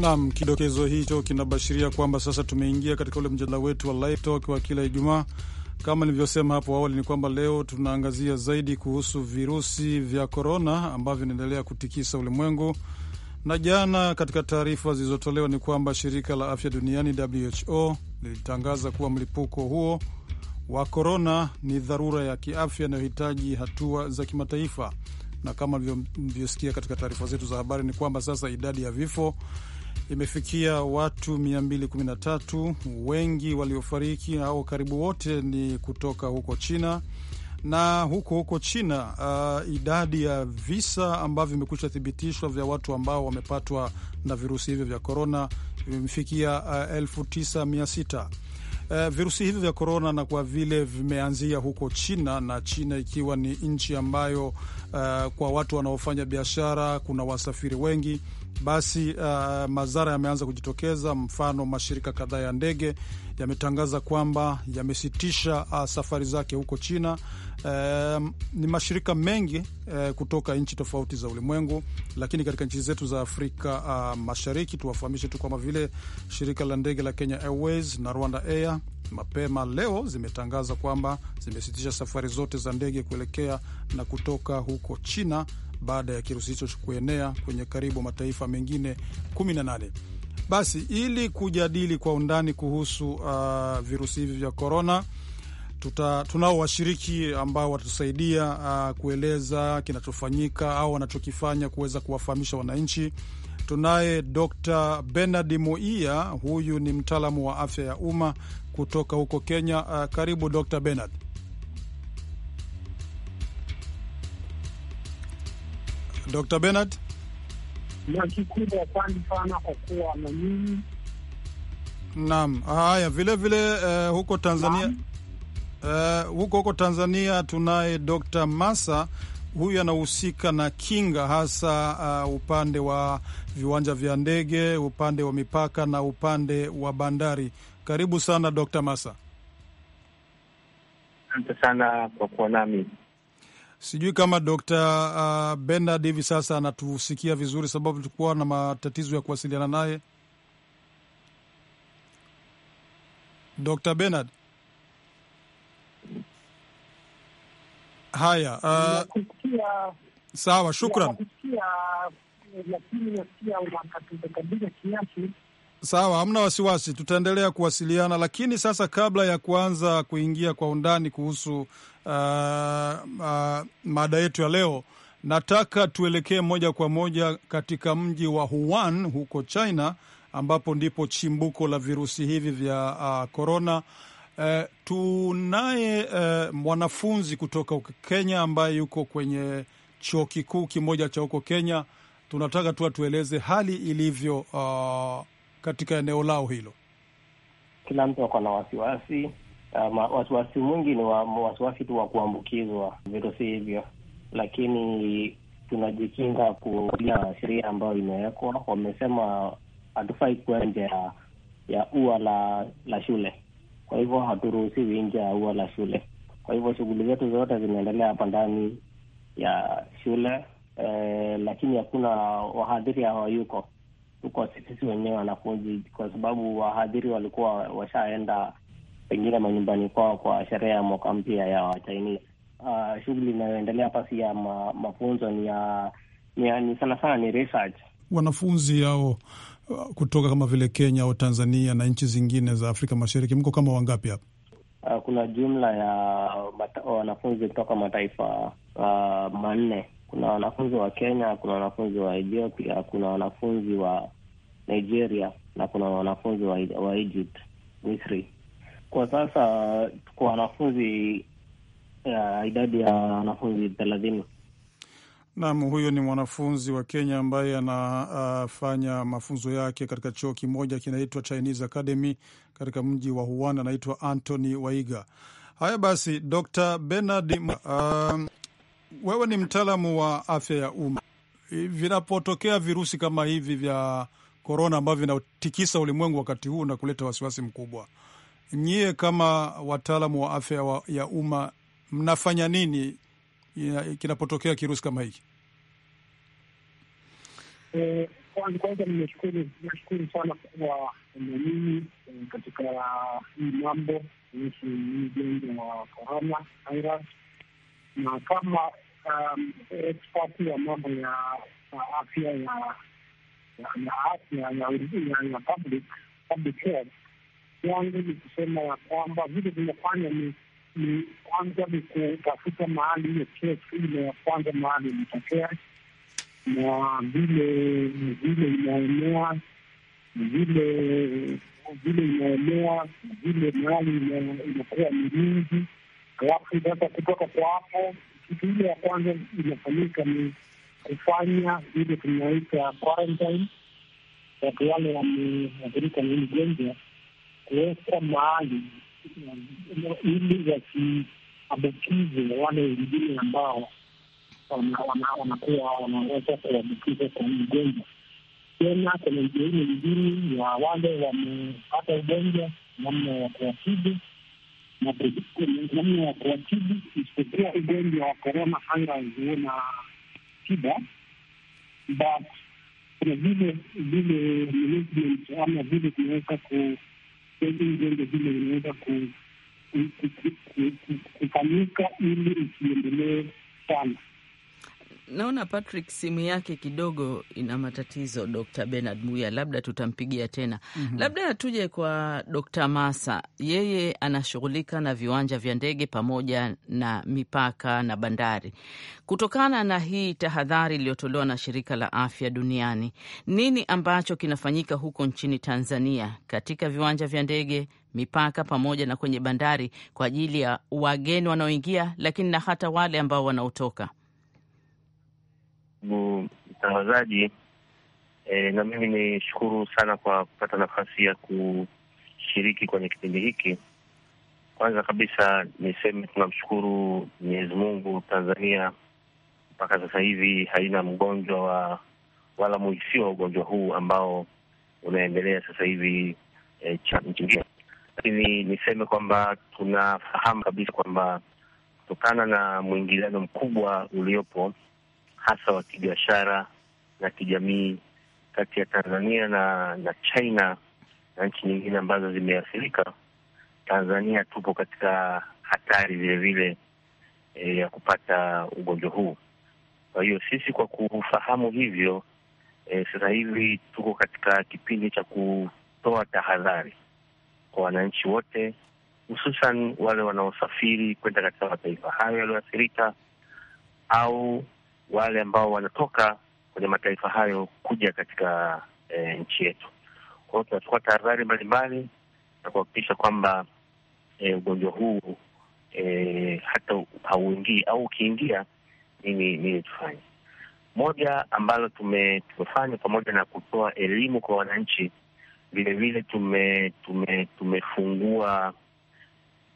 Nam, kidokezo hicho kinabashiria kwamba sasa tumeingia katika ule mjadala wetu wa live talk wa kila Ijumaa. Kama nilivyosema hapo awali, ni kwamba leo tunaangazia zaidi kuhusu virusi vya korona ambavyo vinaendelea kutikisa ulimwengu. Na jana katika taarifa zilizotolewa ni kwamba shirika la afya duniani WHO lilitangaza kuwa mlipuko huo wa korona ni dharura ya kiafya inayohitaji hatua za kimataifa, na kama mlivyosikia katika taarifa zetu za habari ni kwamba sasa idadi ya vifo imefikia watu 213. Wengi waliofariki au karibu wote ni kutoka huko China na huko huko China uh, idadi ya visa ambavyo vimekwisha thibitishwa vya watu ambao wamepatwa na virusi hivyo vya korona vimefikia uh, tisa mia sita. Uh, virusi hivyo vya korona, na kwa vile vimeanzia huko China na China ikiwa ni nchi ambayo uh, kwa watu wanaofanya biashara kuna wasafiri wengi basi uh, madhara yameanza kujitokeza. Mfano, mashirika kadhaa ya ndege yametangaza kwamba yamesitisha uh, safari zake huko China. Uh, ni mashirika mengi uh, kutoka nchi tofauti za ulimwengu, lakini katika nchi zetu za Afrika uh, Mashariki tuwafahamishe tu kama vile shirika la ndege la Kenya Airways na Rwanda Air mapema leo zimetangaza kwamba zimesitisha safari zote za ndege kuelekea na kutoka huko China baada ya kirusi hicho kuenea kwenye karibu mataifa mengine 18. Basi ili kujadili kwa undani kuhusu uh, virusi hivi vya korona, tunao washiriki ambao watatusaidia uh, kueleza kinachofanyika au wanachokifanya kuweza kuwafahamisha wananchi. Tunaye Dr Benard Moia, huyu ni mtaalamu wa afya ya umma kutoka huko Kenya. Uh, karibu Dr Benard. Dr. Bernard, kikubwa asante sana kwa kuwa na nyinyi. Naam, haya vile vile uh, huko Tanzania uh, huko huko Tanzania tunaye Dr. Massa huyu anahusika na kinga hasa uh, upande wa viwanja vya ndege, upande wa mipaka na upande wa bandari. Karibu sana Dr. Massa. Asante sana kwa kuwa nami. Sijui kama Dr. Uh, Bernard hivi sasa anatusikia vizuri, sababu tulikuwa na matatizo ya kuwasiliana naye. Dr. Bernard, haya, uh, sawa, shukran. Sawa, hamna wasiwasi, tutaendelea kuwasiliana. Lakini sasa, kabla ya kuanza kuingia kwa undani kuhusu uh, uh, mada yetu ya leo, nataka tuelekee moja kwa moja katika mji wa Wuhan huko China, ambapo ndipo chimbuko la virusi hivi vya korona. Uh, uh, tunaye uh, mwanafunzi kutoka Kenya ambaye yuko kwenye chuo kikuu kimoja cha huko Kenya. Tunataka tu atueleze hali ilivyo uh, katika eneo lao hilo? Kila mtu ako na wasiwasi. Um, wasiwasi mwingi ni wa, wasiwasi tu wa kuambukizwa virusi hivyo, lakini tunajikinga kulia sheria ambayo imewekwa. Wamesema hatufai kuwa nje ya, ya ua la la shule, kwa hivyo haturuhusiwi nje ya ua la shule. Kwa hivyo shughuli zetu zote zinaendelea hapa ndani ya shule eh, lakini hakuna wahadhiri hawayuko tuko sisi wenyewe wanafunzi, kwa sababu wahadhiri walikuwa washaenda pengine manyumbani kwao kwa sherehe ya mwaka mpya ya Wachinese. Uh, ah, shughuli inayoendelea pasi ya ma, mafunzo ni ya, ni ya ni sana sana ni research. Wanafunzi hao ah, kutoka kama vile Kenya au Tanzania na nchi zingine za Afrika Mashariki, mko kama wangapi hapa? Uh, kuna jumla ya wanafunzi kutoka mataifa uh, manne kuna wanafunzi wa Kenya, kuna wanafunzi wa Ethiopia, kuna wanafunzi wa Nigeria na kuna wanafunzi wa, wa Egypt, Misri. Kwa sasa tuko wanafunzi uh, idadi ya wanafunzi thelathini. Naam, huyo ni mwanafunzi wa Kenya ambaye anafanya uh, mafunzo yake katika chuo kimoja kinaitwa Chinese Academy katika mji wa Wuhan, anaitwa Anthony Waiga. Haya basi, Dr Bernard uh, wewe ni mtaalamu wa afya ya umma, vinapotokea virusi kama hivi vya korona ambavyo vinatikisa ulimwengu wakati huu na kuleta wasiwasi mkubwa, nyie kama wataalamu wa afya wa, ya umma mnafanya nini kinapotokea kirusi kama hiki? Eh, kwanza nimeshukuru nashukuru sana kuwa nanyinyi eh, katika hii mambo kuhusu hii ugonjwa wa korona virus na kama um, expert ya mambo ya afya ya afya ya public public health yangu ni kusema ya kwamba vile vimefanya ni ni kwanza ni kutafuta mahali hiyo kesi ile ya kwanza mahali imetokea, na vile vile inaenea vile vile inaenea vile mahali imekuwa ni nyingi Alafu sasa kutoka kwa hapo, kitu ile ya kwanza imefanyika ni kufanya ile tunaita quarantine, watu wale wameathirika na hili gonjwa kuweka mahali ili wasiambukize wale wengine ambao wanakuwa wanaweza kuambukiza kwa hii ugonjwa. Tena kuna njia ile ingine ya wale wamepata ugonjwa, namna ya kuwatibu na namna ya kuwatibu, isipokuwa ugonjwa wa korona hayaziona tiba but kuna vile vile management ama vile tunaweza ku ugonjwa vile inaweza kufanyika ili isiendelee sana. Naona Patrick simu yake kidogo ina matatizo. Dr Benard Muya labda tutampigia tena. mm -hmm. Labda tuje kwa Dr Masa, yeye anashughulika na viwanja vya ndege pamoja na mipaka na bandari. Kutokana na hii tahadhari iliyotolewa na Shirika la Afya Duniani, nini ambacho kinafanyika huko nchini Tanzania katika viwanja vya ndege mipaka pamoja na kwenye bandari kwa ajili ya wageni wanaoingia, lakini na hata wale ambao wanaotoka? ndugu mtangazaji. E, na mimi nishukuru sana kwa kupata nafasi ya kushiriki kwenye kipindi hiki. Kwanza kabisa niseme tunamshukuru Mwenyezi Mungu, Tanzania mpaka sasa hivi haina mgonjwa wa wala muhisiwa wa ugonjwa huu ambao unaendelea sasa hivi e, cha nchi. Lakini niseme kwamba tunafahamu kabisa kwamba kutokana na mwingiliano mkubwa uliopo hasa wa kibiashara na kijamii kati ya Tanzania na, na China na nchi nyingine ambazo zimeathirika. Tanzania tupo katika hatari vilevile e, ya kupata ugonjwa huu. Kwa hiyo sisi kwa kufahamu hivyo e, sasa hivi tuko katika kipindi cha kutoa tahadhari kwa wananchi wote, hususan wale wanaosafiri kwenda katika mataifa hayo yaliyoathirika au wale ambao wanatoka kwenye mataifa hayo kuja katika e, nchi yetu. Kwa hiyo tunachukua tahadhari mbalimbali na kuhakikisha kwamba e, ugonjwa huu e, hata hauingii au ukiingia, nini nini tufanye. Moja ambalo tume, tumefanya pamoja na kutoa elimu kwa wananchi, vilevile tume, tume, tumefungua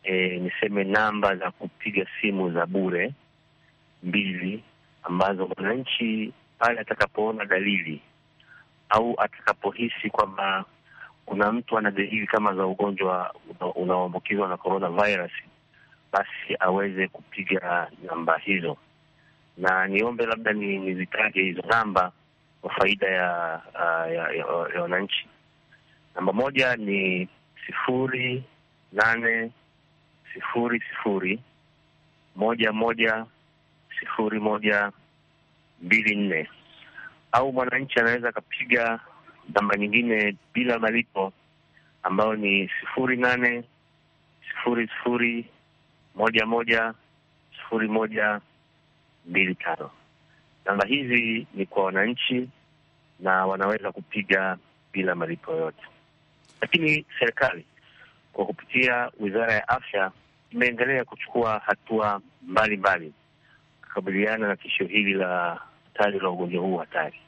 e, niseme namba za kupiga simu za bure mbili ambazo mwananchi pale atakapoona dalili au atakapohisi kwamba kuna mtu ana dalili kama za ugonjwa unaoambukizwa na coronavirus, basi aweze kupiga namba hizo, na niombe labda nizitaje hizo namba kwa faida uh, ya ya wananchi. Namba moja ni sifuri nane sifuri sifuri moja moja sifuri moja mbili nne, au mwananchi anaweza akapiga namba nyingine bila malipo ambayo ni sifuri nane sifuri sifuri moja moja sifuri moja mbili tano. Namba hizi ni kwa wananchi na wanaweza kupiga bila malipo yoyote, lakini serikali kwa kupitia Wizara ya Afya imeendelea kuchukua hatua mbalimbali mbali kukabiliana na tishio hili la hatari la ugonjwa huu hatari.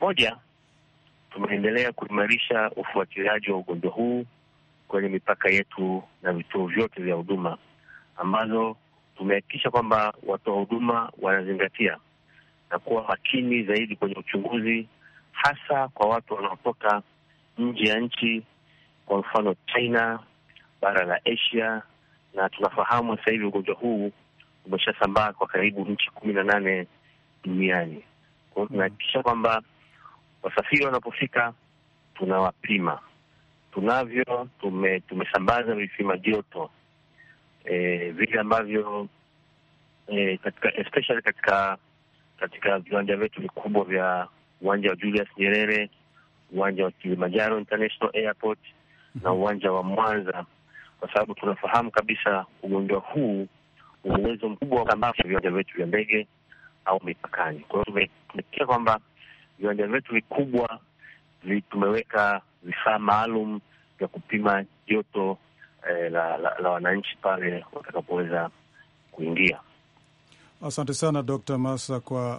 Moja, tumeendelea kuimarisha ufuatiliaji wa ugonjwa huu kwenye mipaka yetu na vituo vyote vya huduma ambazo tumehakikisha kwamba watoa huduma wanazingatia na kuwa makini zaidi kwenye uchunguzi, hasa kwa watu wanaotoka nje ya nchi, kwa mfano China, bara la Asia, na tunafahamu sasa hivi ugonjwa huu umeshasambaa kwa karibu nchi kumi na nane duniani. Kwa hiyo tunahakikisha kwamba wasafiri wanapofika tunawapima. Tunavyo tume, tumesambaza vipima joto e, vile ambavyo e, katika especially katika katika viwanja vyetu vikubwa vya uwanja wa Julius Nyerere, uwanja wa Kilimanjaro International Airport na uwanja wa Mwanza, kwa sababu tunafahamu kabisa ugonjwa huu uwezo mkubwa wa viwanja vyetu vya ndege au mipakani. Kwa hiyo tumeikia kwamba viwanja vyetu vikubwa tumeweka vifaa maalum vya kupima joto eh, la, la, la wananchi pale watakapoweza kuingia. Asante sana Dr. Masa kwa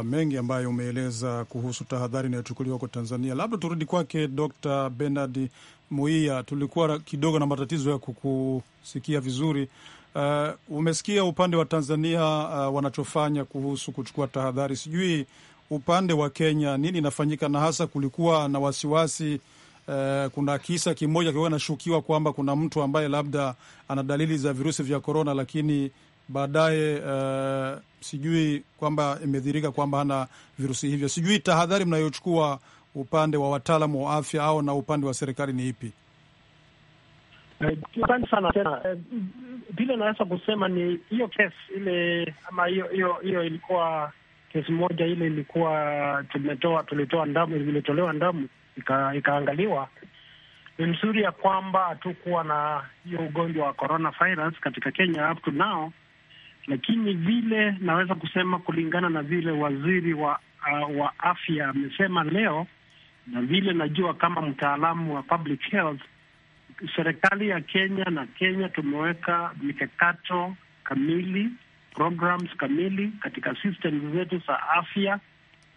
uh, mengi ambayo umeeleza kuhusu tahadhari inayochukuliwa huko Tanzania. Labda turudi kwake Dr. Bernard Muia, tulikuwa kidogo na matatizo ya kukusikia vizuri. Uh, umesikia upande wa Tanzania uh, wanachofanya kuhusu kuchukua tahadhari. Sijui upande wa Kenya nini inafanyika, na hasa kulikuwa na wasiwasi Uh, kuna kisa kimoja kilikuwa inashukiwa kwamba kuna mtu ambaye labda ana dalili za virusi vya korona, lakini baadaye uh, sijui kwamba imedhirika kwamba hana virusi hivyo. Sijui tahadhari mnayochukua upande wa wataalamu wa afya au na upande wa serikali ni ipi? Eh, Nadhani sana tena eh, vile naweza kusema ni hiyo kesi ile, ama hiyo hiyo hiyo ilikuwa kesi moja ile ilikuwa tumetoa tulitoa ndamu ilitolewa ndamu ika, ikaangaliwa. Ni mzuri ya kwamba hatukuwa na hiyo ugonjwa wa coronavirus katika Kenya up to now, lakini vile naweza kusema kulingana na vile waziri wa uh, wa afya amesema leo na vile najua kama mtaalamu wa public health serikali ya Kenya na Kenya tumeweka mikakato kamili, programs kamili katika system zetu za afya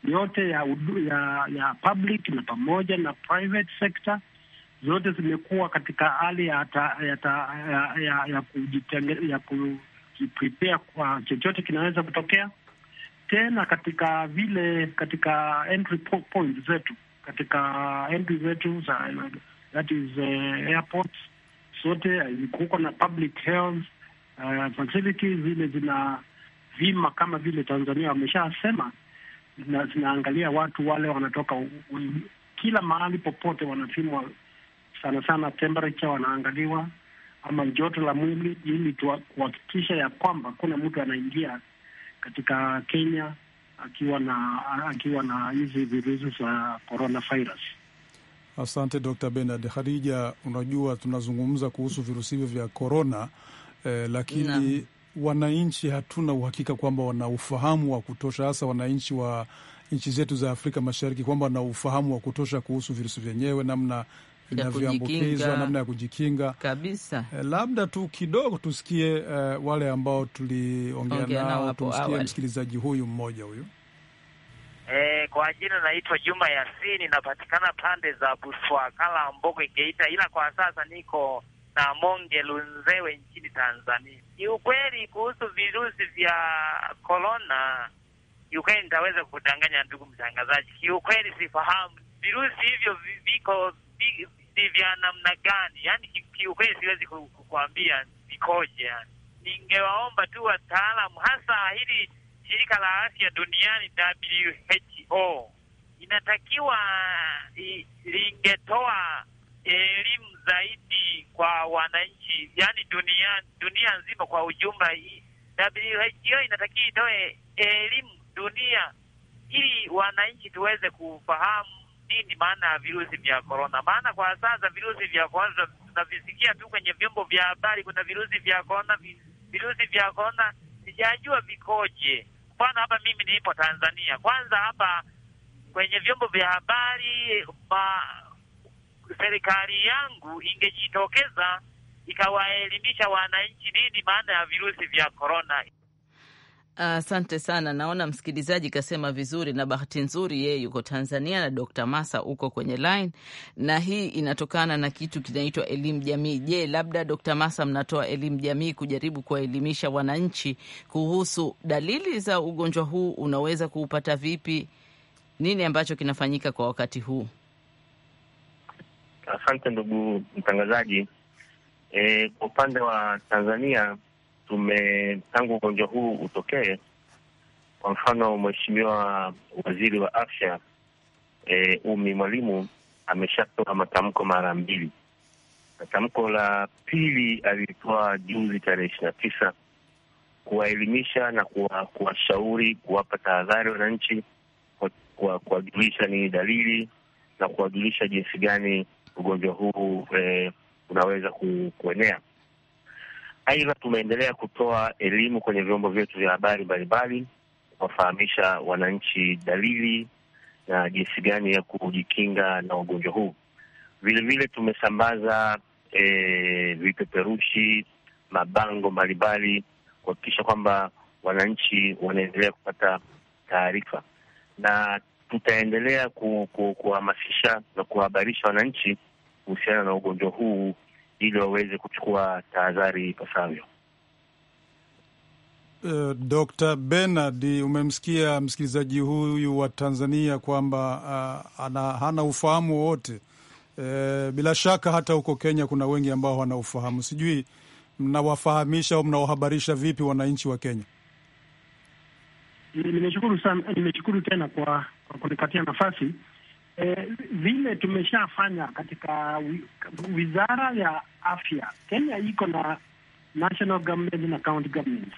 yote ya, ya, ya public na pamoja na private sector zote zimekuwa katika hali ya, ya, ya, ya, ya kujitenge- ya kujiprepare kwa chochote kinaweza kutokea tena katika vile katika entry point zetu katika entry zetu za that is uh, airports zote uh, kuko na public health uh, facilities zile zina vima kama vile Tanzania wameshasema, zinaangalia watu wale wanatoka u, u, kila mahali popote wanapimwa, sana sana temperature wanaangaliwa ama joto la mwili, ili kuhakikisha ya kwamba kuna mtu anaingia katika Kenya akiwa na akiwa na hizi virusi za coronavirus. Asante Dr Benard. Hadija, unajua tunazungumza kuhusu virusi hivyo vya korona eh, lakini na wananchi hatuna uhakika kwamba wana ufahamu wa kutosha, hasa wananchi wa nchi zetu za Afrika Mashariki, kwamba wana ufahamu wa kutosha kuhusu virusi vyenyewe, namna vinavyoambukizwa, namna ya kujikinga kabisa. Eh, labda tu kidogo tusikie eh, wale ambao tuliongea nao, tumsikie msikilizaji huyu mmoja huyu E, kwa jina naitwa Juma Yasini, napatikana pande za Buswakala, Mbogo, Geita, ila kwa sasa niko na Monge Lunzewe nchini Tanzania. Ni ukweli kuhusu virusi vya korona, kiukweli nitaweza kudanganya ndugu mtangazaji, kiukweli sifahamu virusi hivyo viko ni vya namna gani, yaani kiukweli siwezi kukuambia vikoje. Yani ningewaomba tu wataalamu hasa hili shirika la afya duniani WHO inatakiwa lingetoa elimu zaidi kwa wananchi, yani dunia dunia nzima kwa ujumla. WHO inatakiwa itoe elimu dunia ili wananchi tuweze kufahamu nini maana ya virusi vya korona, maana kwa sasa virusi vya korona tunavisikia tu kwenye vyombo vya habari, kuna virusi vya korona, virusi vya korona, sijajua vikoje mfano hapa mimi nipo Tanzania, kwanza hapa kwenye vyombo vya habari ma, serikali yangu ingejitokeza ikawaelimisha wananchi nini maana ya virusi vya korona. Asante uh, sana. Naona msikilizaji kasema vizuri, na bahati nzuri yeye yuko Tanzania na Dr. Masa uko kwenye line, na hii inatokana na kitu kinaitwa elimu jamii. Je, labda Dr. Masa mnatoa elimu jamii kujaribu kuwaelimisha wananchi kuhusu dalili za ugonjwa huu, unaweza kuupata vipi? Nini ambacho kinafanyika kwa wakati huu? Asante ndugu mtangazaji. E, kwa upande wa Tanzania tume tangu ugonjwa huu utokee, kwa mfano mheshimiwa waziri wa afya e, Umi Mwalimu ameshatoa matamko mara mbili, matamko tamko la pili alitoa juzi tarehe ishirini na tisa kuwaelimisha na kuwashauri kuwa kuwapa tahadhari wananchi, kuwajulisha kuwa ni dalili na kuwajulisha jinsi gani ugonjwa huu e, unaweza ku, kuenea. Aidha, tumeendelea kutoa elimu kwenye vyombo vyetu vya habari mbalimbali, kuwafahamisha wananchi dalili na jinsi gani ya kujikinga na ugonjwa huu. Vilevile tumesambaza e, vipeperushi, mabango mbalimbali kuhakikisha kwamba wananchi wanaendelea kupata taarifa, na tutaendelea kuhamasisha ku, na kuhabarisha wananchi kuhusiana na ugonjwa huu ili waweze kuchukua tahadhari ipasavyo. Uh, eh, Dr. Bernard, umemsikia msikilizaji huyu wa Tanzania kwamba uh, ana, hana ufahamu wowote uh, bila shaka hata huko Kenya kuna wengi ambao wana ufahamu. Sijui mnawafahamisha au mnawahabarisha vipi wananchi wa Kenya? Nimeshukuru sana, nimeshukuru tena kwa, kwa kunipatia nafasi. Eh, vile tumeshafanya katika wizara ya afya Kenya iko na national government na county government,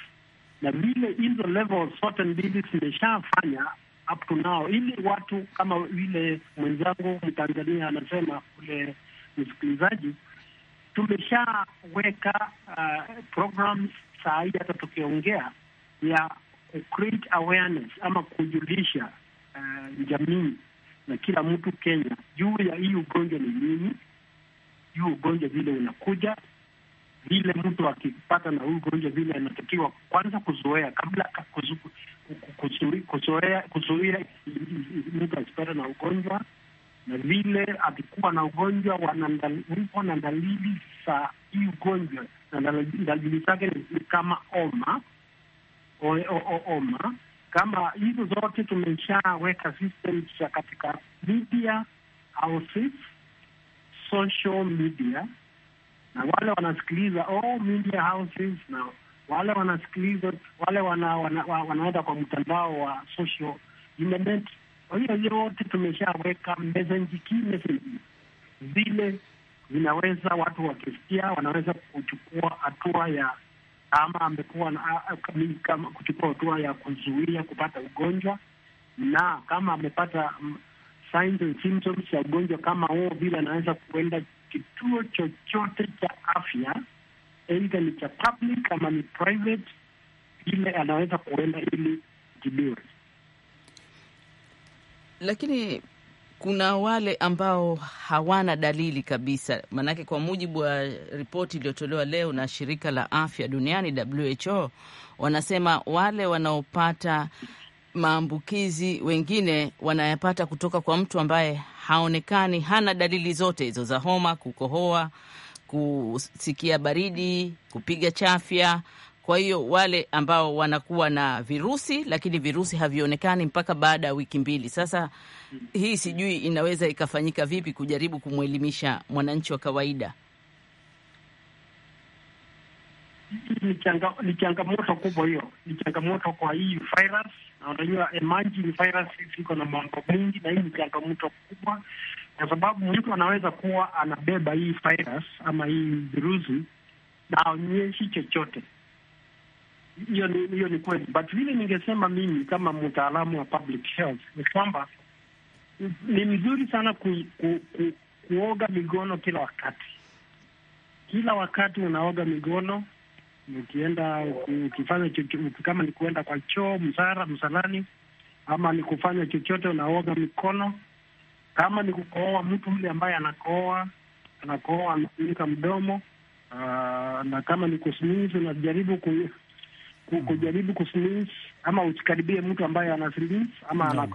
na vile hizo level zote mbili zimeshafanya up to now, ili watu kama vile mwenzangu Mtanzania anasema kule msikilizaji, tumeshaweka uh, programs saa hii hata tukiongea ya create awareness ama kujulisha uh, jamii na kila mtu Kenya juu ya hii ugonjwa ni nini, juu ugonjwa vile unakuja, vile mtu akipata na huu ugonjwa vile anatakiwa kwanza kuzoea kabla kuzuia mtu asipata na ugonjwa, na vile akikuwa na ugonjwa wanandalipo na dalili za hii ugonjwa, na dalili zake ni kama oma oma kama hizo zote tumeshaweka system katika media houses, social media na wale wanasikiliza oh, media houses, na wale wanasikiliza wale wana, wana, wanaenda kwa mtandao wa social internet. Kwa hiyo yote tumeshaweka message zile zinaweza watu wakisikia wanaweza kuchukua hatua ya ama amekuwa kuchukua hatua ya kuzuia kupata ugonjwa, na kama amepata mm, signs and symptoms ya ugonjwa kama huo vile, anaweza kuenda kituo chochote cha afya, aidha ni cha public ama ni private, ile anaweza kuenda ili jibiwe Lakini kuna wale ambao hawana dalili kabisa, maanake kwa mujibu wa ripoti iliyotolewa leo na shirika la afya duniani WHO, wanasema wale wanaopata maambukizi wengine wanayapata kutoka kwa mtu ambaye haonekani, hana dalili zote hizo za homa, kukohoa, kusikia baridi, kupiga chafya kwa hiyo wale ambao wanakuwa na virusi lakini virusi havionekani mpaka baada ya wiki mbili. Sasa hii sijui inaweza ikafanyika vipi kujaribu kumwelimisha mwananchi wa kawaida? Ni changamoto kubwa hiyo, ni changamoto kwa hii virus. Unajua, emerging virus ziko na mambo mengi, na hii ni changamoto kubwa, kwa sababu mtu anaweza kuwa anabeba hii virus ama hii virusi na aonyeshi chochote hiyo ni hiyo ni kweli, but vile ningesema mimi kama mtaalamu wa public health ni kwamba ni mzuri sana ku, ku, ku, kuoga migono kila wakati. Kila wakati unaoga migono, ukienda ukifanya kama ni kuenda kwa choo, msara, msalani, ama ni kufanya chochote, unaoga mikono. Kama ni kukooa, mtu mle ambaye anakooa anakooa anafunika mdomo. Uh, na kama ni kusimizi unajaribu kujaribu kusilish ama usikaribie mtu ambaye ana ama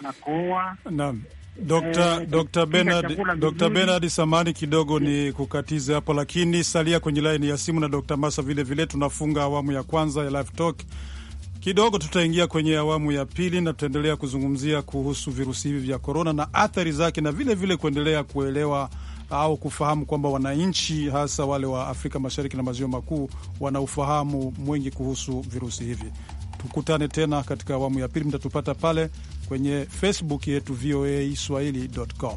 anakooa naam. Dr. Eh, Dr. Bernard Dr. Bernard, samani kidogo ni kukatize hapo, lakini salia kwenye laini ya simu na Dr. Masa vile vile. Tunafunga awamu ya kwanza ya live talk, kidogo tutaingia kwenye awamu ya pili na tutaendelea kuzungumzia kuhusu virusi hivi vya korona na athari zake na vile vile kuendelea kuelewa au kufahamu kwamba wananchi hasa wale wa Afrika Mashariki na Maziwa Makuu wana ufahamu mwingi kuhusu virusi hivi. Tukutane tena katika awamu ya pili, mtatupata pale kwenye Facebook yetu VOA Swahili.com.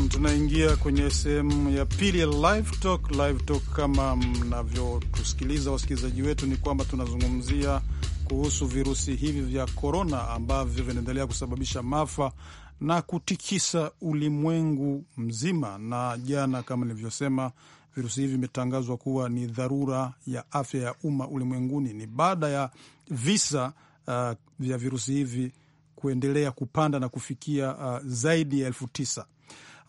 Naam, tunaingia kwenye sehemu ya pili ya live talk. Live talk, kama mnavyotusikiliza wasikilizaji wetu, ni kwamba tunazungumzia kuhusu virusi hivi vya korona ambavyo vinaendelea kusababisha maafa na kutikisa ulimwengu mzima. Na jana, kama nilivyosema, virusi hivi vimetangazwa kuwa ni dharura ya afya ya umma ulimwenguni. Ni baada ya visa uh, vya virusi hivi kuendelea kupanda na kufikia uh, zaidi ya elfu tisa.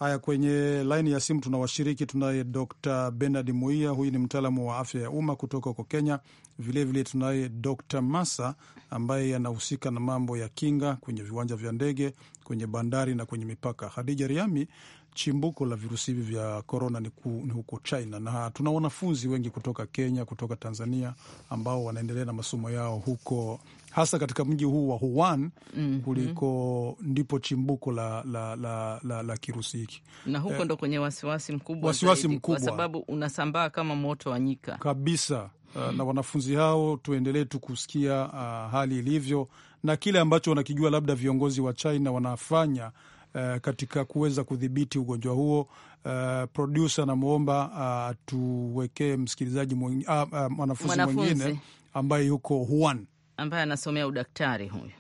Haya, kwenye laini ya simu tuna washiriki. Tunaye Dr Benard Muia, huyu ni mtaalamu wa afya ya umma kutoka huko Kenya. Vilevile tunaye Dr Massa ambaye anahusika na mambo ya kinga kwenye viwanja vya ndege, kwenye bandari na kwenye mipaka. Hadija Riami, chimbuko la virusi hivi vya korona ni, ni huko China, na tuna wanafunzi wengi kutoka Kenya, kutoka Tanzania ambao wanaendelea na masomo yao huko hasa katika mji huu wa Wuhan mm -hmm. kuliko ndipo chimbuko la, la, la, la, la kirusi hiki, na huko eh, ndo kwenye wasiwasi mkubwa, wasiwasi mkubwa kwa sababu unasambaa kama moto wa nyika kabisa. Eh, mm hmm. na wanafunzi hao tuendelee tu kusikia uh, hali ilivyo na kile ambacho wanakijua labda viongozi wa China wanafanya uh, katika kuweza kudhibiti ugonjwa huo. Uh, eh, produsa anamwomba atuwekee ah, uh, msikilizaji ah, mwanafunzi uh, uh, uh, ambaye yuko Wuhan ambaye anasomea udaktari huyu.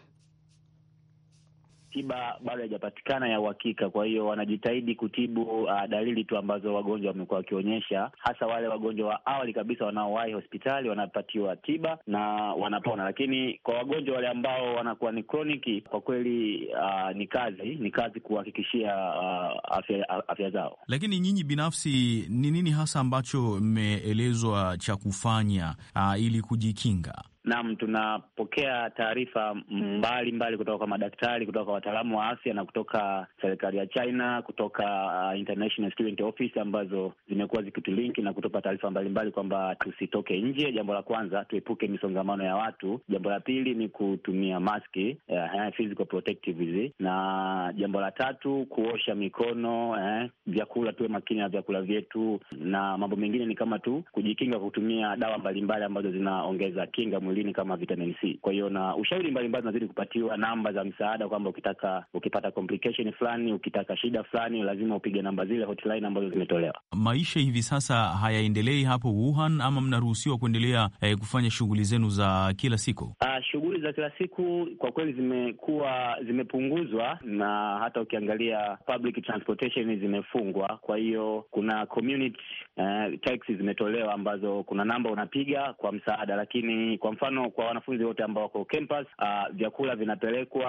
Tiba bado haijapatikana ya uhakika, kwa hiyo wanajitahidi kutibu uh, dalili tu ambazo wagonjwa wamekuwa wakionyesha, hasa wale wagonjwa wa awali kabisa wanaowahi hospitali wanapatiwa tiba na wanapona. Lakini kwa wagonjwa wale ambao wanakuwa ni kroniki, kwa kweli uh, ni kazi ni kazi kuhakikishia uh, afya, afya zao. Lakini nyinyi binafsi, ni nini hasa ambacho mmeelezwa cha kufanya uh, ili kujikinga? Naam, tunapokea taarifa mbalimbali kutoka kwa madaktari, kutoka kwa wataalamu wa afya na kutoka serikali ya China, kutoka uh, International Student Office ambazo zimekuwa zikitulinki na kutupa taarifa mbalimbali kwamba tusitoke nje. Jambo la kwanza, tuepuke misongamano ya watu. Jambo la pili ni kutumia maski, uh, eh, physical protective hizi, na jambo la tatu kuosha mikono eh, vyakula, tuwe makini na vyakula vyetu, na mambo mengine ni kama tu kujikinga kutumia dawa mbalimbali ambazo zinaongeza kinga mwilini kama vitamin C. Kwa hiyo na ushauri mbalimbali unazidi kupatiwa namba za msaada, kwamba ukitaka ukipata complication fulani, ukitaka shida fulani, lazima upige namba zile hotline ambazo zimetolewa. Maisha hivi sasa hayaendelei hapo Wuhan ama mnaruhusiwa kuendelea eh, kufanya shughuli zenu za kila siku? Uh, shughuli za kila siku kwa kweli zimekuwa zimepunguzwa, na hata ukiangalia public transportation zimefungwa. Kwa hiyo kuna community uh, taxi zimetolewa ambazo kuna namba unapiga kwa msaada, lakini kwa mfano kwa wanafunzi wote ambao wako campus, uh, vyakula vinapelekwa,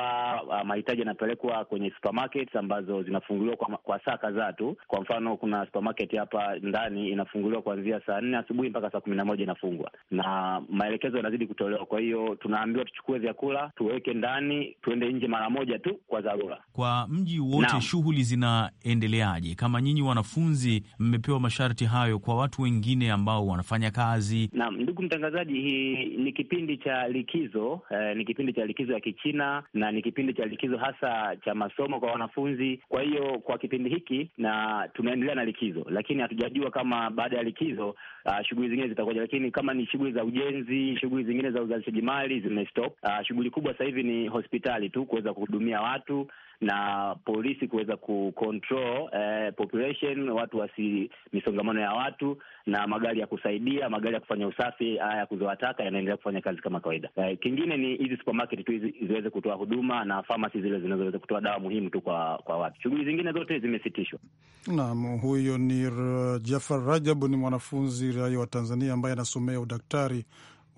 uh, mahitaji yanapelekwa kwenye supermarkets ambazo zinafunguliwa kwa, kwa saa kadhaa tu. Kwa mfano kuna supermarket hapa ndani inafunguliwa kuanzia saa nne asubuhi mpaka saa kumi na moja inafungwa, na maelekezo yanazidi kutolewa. Kwa hiyo tunaambiwa tuchukue vyakula tuweke ndani, tuende nje mara moja tu kwa dharura. Kwa mji wote shughuli zinaendeleaje? Kama nyinyi wanafunzi mmepewa masharti hayo, kwa watu wengine ambao wanafanya kazi? Naam, ndugu mtangazaji, hii kipindi cha likizo eh, ni kipindi cha likizo ya Kichina na ni kipindi cha likizo hasa cha masomo kwa wanafunzi. Kwa hiyo kwa kipindi hiki na tunaendelea na likizo, lakini hatujajua kama baada ya likizo uh, shughuli zingine zitakuja, lakini kama ni shughuli za ujenzi, shughuli zingine za uzalishaji mali zimestop. Uh, ah, shughuli kubwa sasa hivi ni hospitali tu kuweza kuhudumia watu na polisi kuweza kucontrol eh, population, watu wasi misongamano ya watu na magari ya kusaidia, magari ya kufanya usafi haya ya kuzoa taka yanaendelea kufanya kazi kama kawaida. Eh, kingine ni hizi supermarket tu ziweze kutoa huduma na pharmacy zile zinazoweza kutoa dawa muhimu tu kwa kwa watu. Shughuli zingine zote zimesitishwa. Naam, huyo ni Jafar Rajab, ni mwanafunzi raia wa Tanzania ambaye anasomea udaktari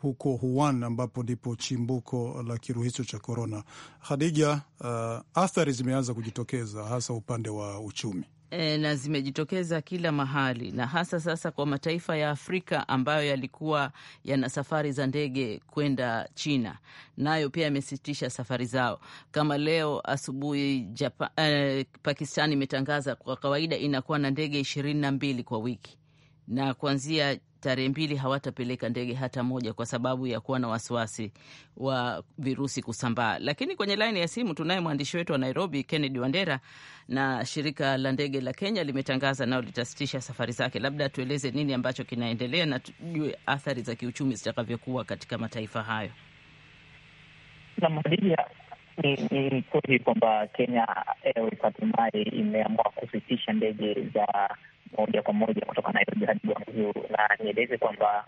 huko Wuhan ambapo ndipo chimbuko la kirusi hicho cha korona. Khadija, uh, athari zimeanza kujitokeza hasa upande wa uchumi e, na zimejitokeza kila mahali na hasa sasa kwa mataifa ya Afrika ambayo yalikuwa yana safari za ndege kwenda China, nayo pia yamesitisha safari zao. Kama leo asubuhi Japan, eh, Pakistan imetangaza kwa kawaida inakuwa na ndege ishirini na mbili kwa wiki na kuanzia tarehe mbili hawatapeleka ndege hata moja kwa sababu ya kuwa na wasiwasi wa virusi kusambaa. Lakini kwenye laini ya simu tunaye mwandishi wetu wa Nairobi, Kennedy Wandera. Na shirika la ndege la Kenya limetangaza nao litasitisha safari zake. Labda tueleze nini ambacho kinaendelea na tujue athari za kiuchumi zitakavyokuwa katika mataifa hayo. Ni, ni kweli kwamba Kenya Airways eh, hatimaye imeamua kusitisha ndege za moja kwa moja kutoka Nairobi hadi Guangzhou, na nieleze kwamba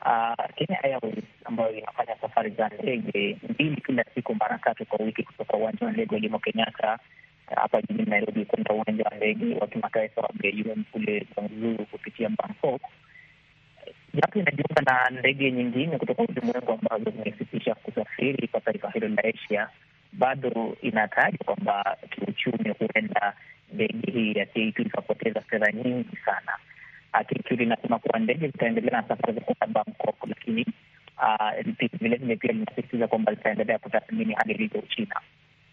ah, Kenya Airways ambayo inafanya safari za ndege mbili kila siku mara tatu kwa wiki kutoka uwanja wa ndege wa Jomo Kenyatta ah, hapa jijini Nairobi kwenda uwanja wa ndege wa kimataifa wa BAM kule Guangzhou kupitia Bangkok, japo inajiunga na ndege nyingine kutoka ulimwengu ambazo zimesitisha kusafiri kwa taifa hilo la Asia bado inataja kwamba kiuchumi, huenda ndege hii ya k ikapoteza fedha nyingi sana. Ah, kiuchumi inasema kuwa ndege zitaendelea na safari za kukaba mkopo, lakini vilevile ah, pia linasisitiza kwamba zitaendelea kutathmini hali ilivyo Uchina.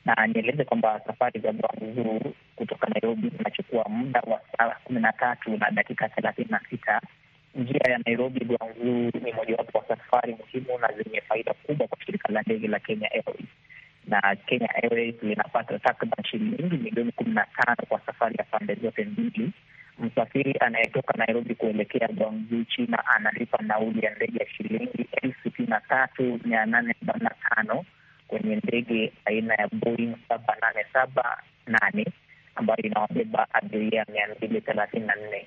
Na nieleze kwamba safari za Guangzhou kutoka Nairobi zinachukua muda wa saa kumi na tatu na dakika thelathini na sita. Njia ya Nairobi Guangzhou ni mojawapo wa safari muhimu na zenye faida kubwa kwa shirika la ndege la Kenya Airways na Kenya Airways linapata takriban shilingi milioni kumi na tano kwa safari ya pande zote mbili. Msafiri anayetoka Nairobi kuelekea Guangzhou, China, analipa nauli ya ndege ya shilingi elfu sitini na tatu mia nane arobaini na tano kwenye ndege aina ya Boeing saba nane saba nane ambayo inawabeba abiria mia mbili thelathini na nne.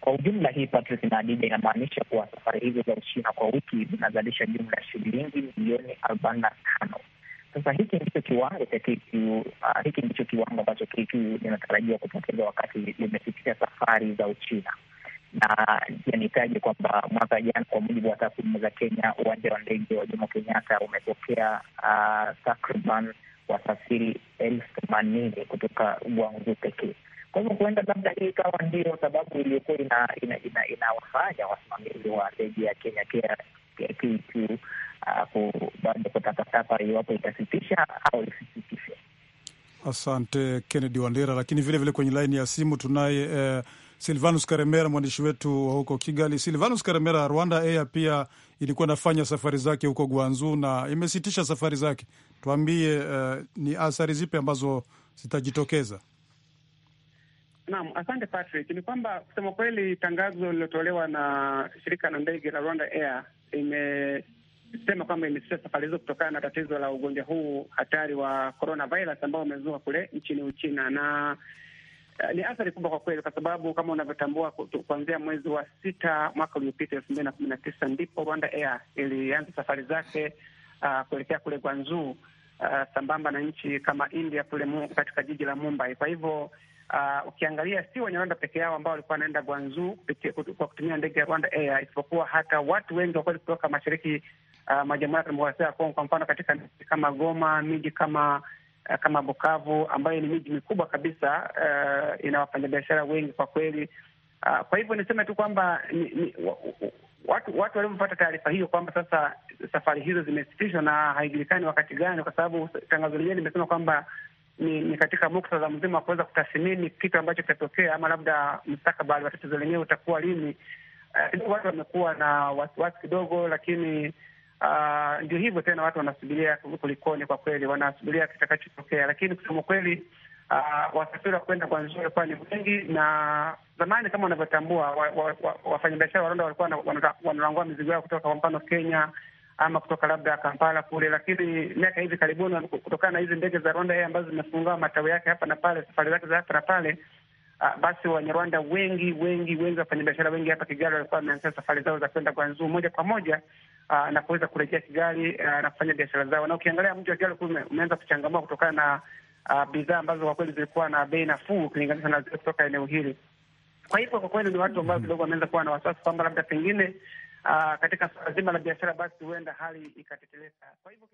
Kwa ujumla hii Patrick na inamaanisha kuwa safari hizo za Uchina kwa wiki zinazalisha jumla ya shilingi milioni arobaini na tano. Sasa hiki ndicho kiwango cha KQ, ah, hiki ndicho kiwango ambacho KQ inatarajiwa kupoteza wakati limefikia safari za Uchina na pia nitaje kwamba mwaka jana, kwa mujibu wa takwimu za Kenya, uwanja wa ndege wa Jomo Kenyatta umepokea uh, takriban wasafiri elfu themanini kutoka Guangzhou pekee. Kwa hivyo kuenda labda hii ikawa ndio sababu iliyokuwa inawafanya ina, ina, wasimamizi wa ndege ya Kenya uh, KQ bado kutapatapa iwapo itasitisha au isisitishe. Asante Kennedy Wandera. Lakini vilevile vile kwenye laini ya simu tunaye eh, Silvanus Karemera, mwandishi wetu wa huko Kigali. Silvanus Karemera, Rwanda Air pia ilikuwa inafanya safari zake huko Guangzhou na imesitisha safari zake. Tuambie eh, ni athari zipi ambazo zitajitokeza? Naam, asante Patrick. Ni kwamba kusema kweli, tangazo lililotolewa na shirika la ndege la Rwanda Air imesema kwamba imesitisha safari hizo kutokana na tatizo la ugonjwa huu hatari wa coronavirus ambao umezua kule nchini Uchina na Uh, ni athari kubwa kwa kweli, kwa sababu kama unavyotambua kuanzia mwezi wa sita mwaka uliopita elfu mbili na kumi na tisa ndipo Rwanda Air ilianza safari zake uh, kuelekea kule Guangzhou uh, sambamba na nchi kama India kule katika jiji la Mumbai. Kwa hivyo Uh, ukiangalia si Wanyarwanda peke yao ambao walikuwa wanaenda Gwanzu kwa kutumia ndege ya Rwanda Air, isipokuwa hata watu wengi wakweli kutoka mashariki uh, mwa Jamhuri ya Kidemokrasia ya Kongo, kwa mfano katika miji kama Goma, miji kama uh, kama Bukavu ambayo ni miji mikubwa kabisa uh, ina wafanyabiashara wengi kwa kweli uh, kwa hivyo niseme tu kwamba ni, ni, watu watu walivyopata taarifa hiyo kwamba sasa safari hizo zimesitishwa na haijulikani wakati gani, kwa sababu tangazo lenyewe limesema kwamba ni, ni katika muktadha mzima wa kuweza kutathmini kitu ambacho kitatokea ama labda mstakabali wa tatizo lenyewe utakuwa lini. Kidogo eh, uh, watu wamekuwa na wasiwasi kidogo, lakini uh, ndio hivyo tena, watu wanasubiria kulikoni. Kwa kweli wanasubiria kitakachotokea, lakini kusema kweli Uh, wasafiri wa kwenda kwa nzuri kuwa ni wengi, na zamani kama wanavyotambua wafanyabiashara wa, wa, wa, walikuwa wanarangua mizigo yao kutoka kwa mfano Kenya ama kutoka labda Kampala kule, lakini miaka hivi karibuni, kutokana na hizi ndege za Rwanda Air ambazo zimefungua matawi yake hapa na pale, safari zake za hapa na pale, uh, basi Wanyarwanda wengi wengi wengi, wafanyabiashara wengi hapa Kigali walikuwa wameanzia safari zao za kwenda Gwanzu moja kwa moja uh, na kuweza kurejea Kigali uh, na kufanya biashara zao, na ukiangalia mji wa Kigali umeanza kuchangamua kutokana na Uh, bidhaa ambazo kwa kweli zilikuwa na bei nafuu ukilinganisha na zile kutoka eneo hili. Kwa hivyo kwa kweli ni watu ambao kidogo wameanza kuwa na wasiwasi kwamba labda pengine Ah, katika suala zima la biashara, basi huenda hali ikateteleka. Kwa hivyo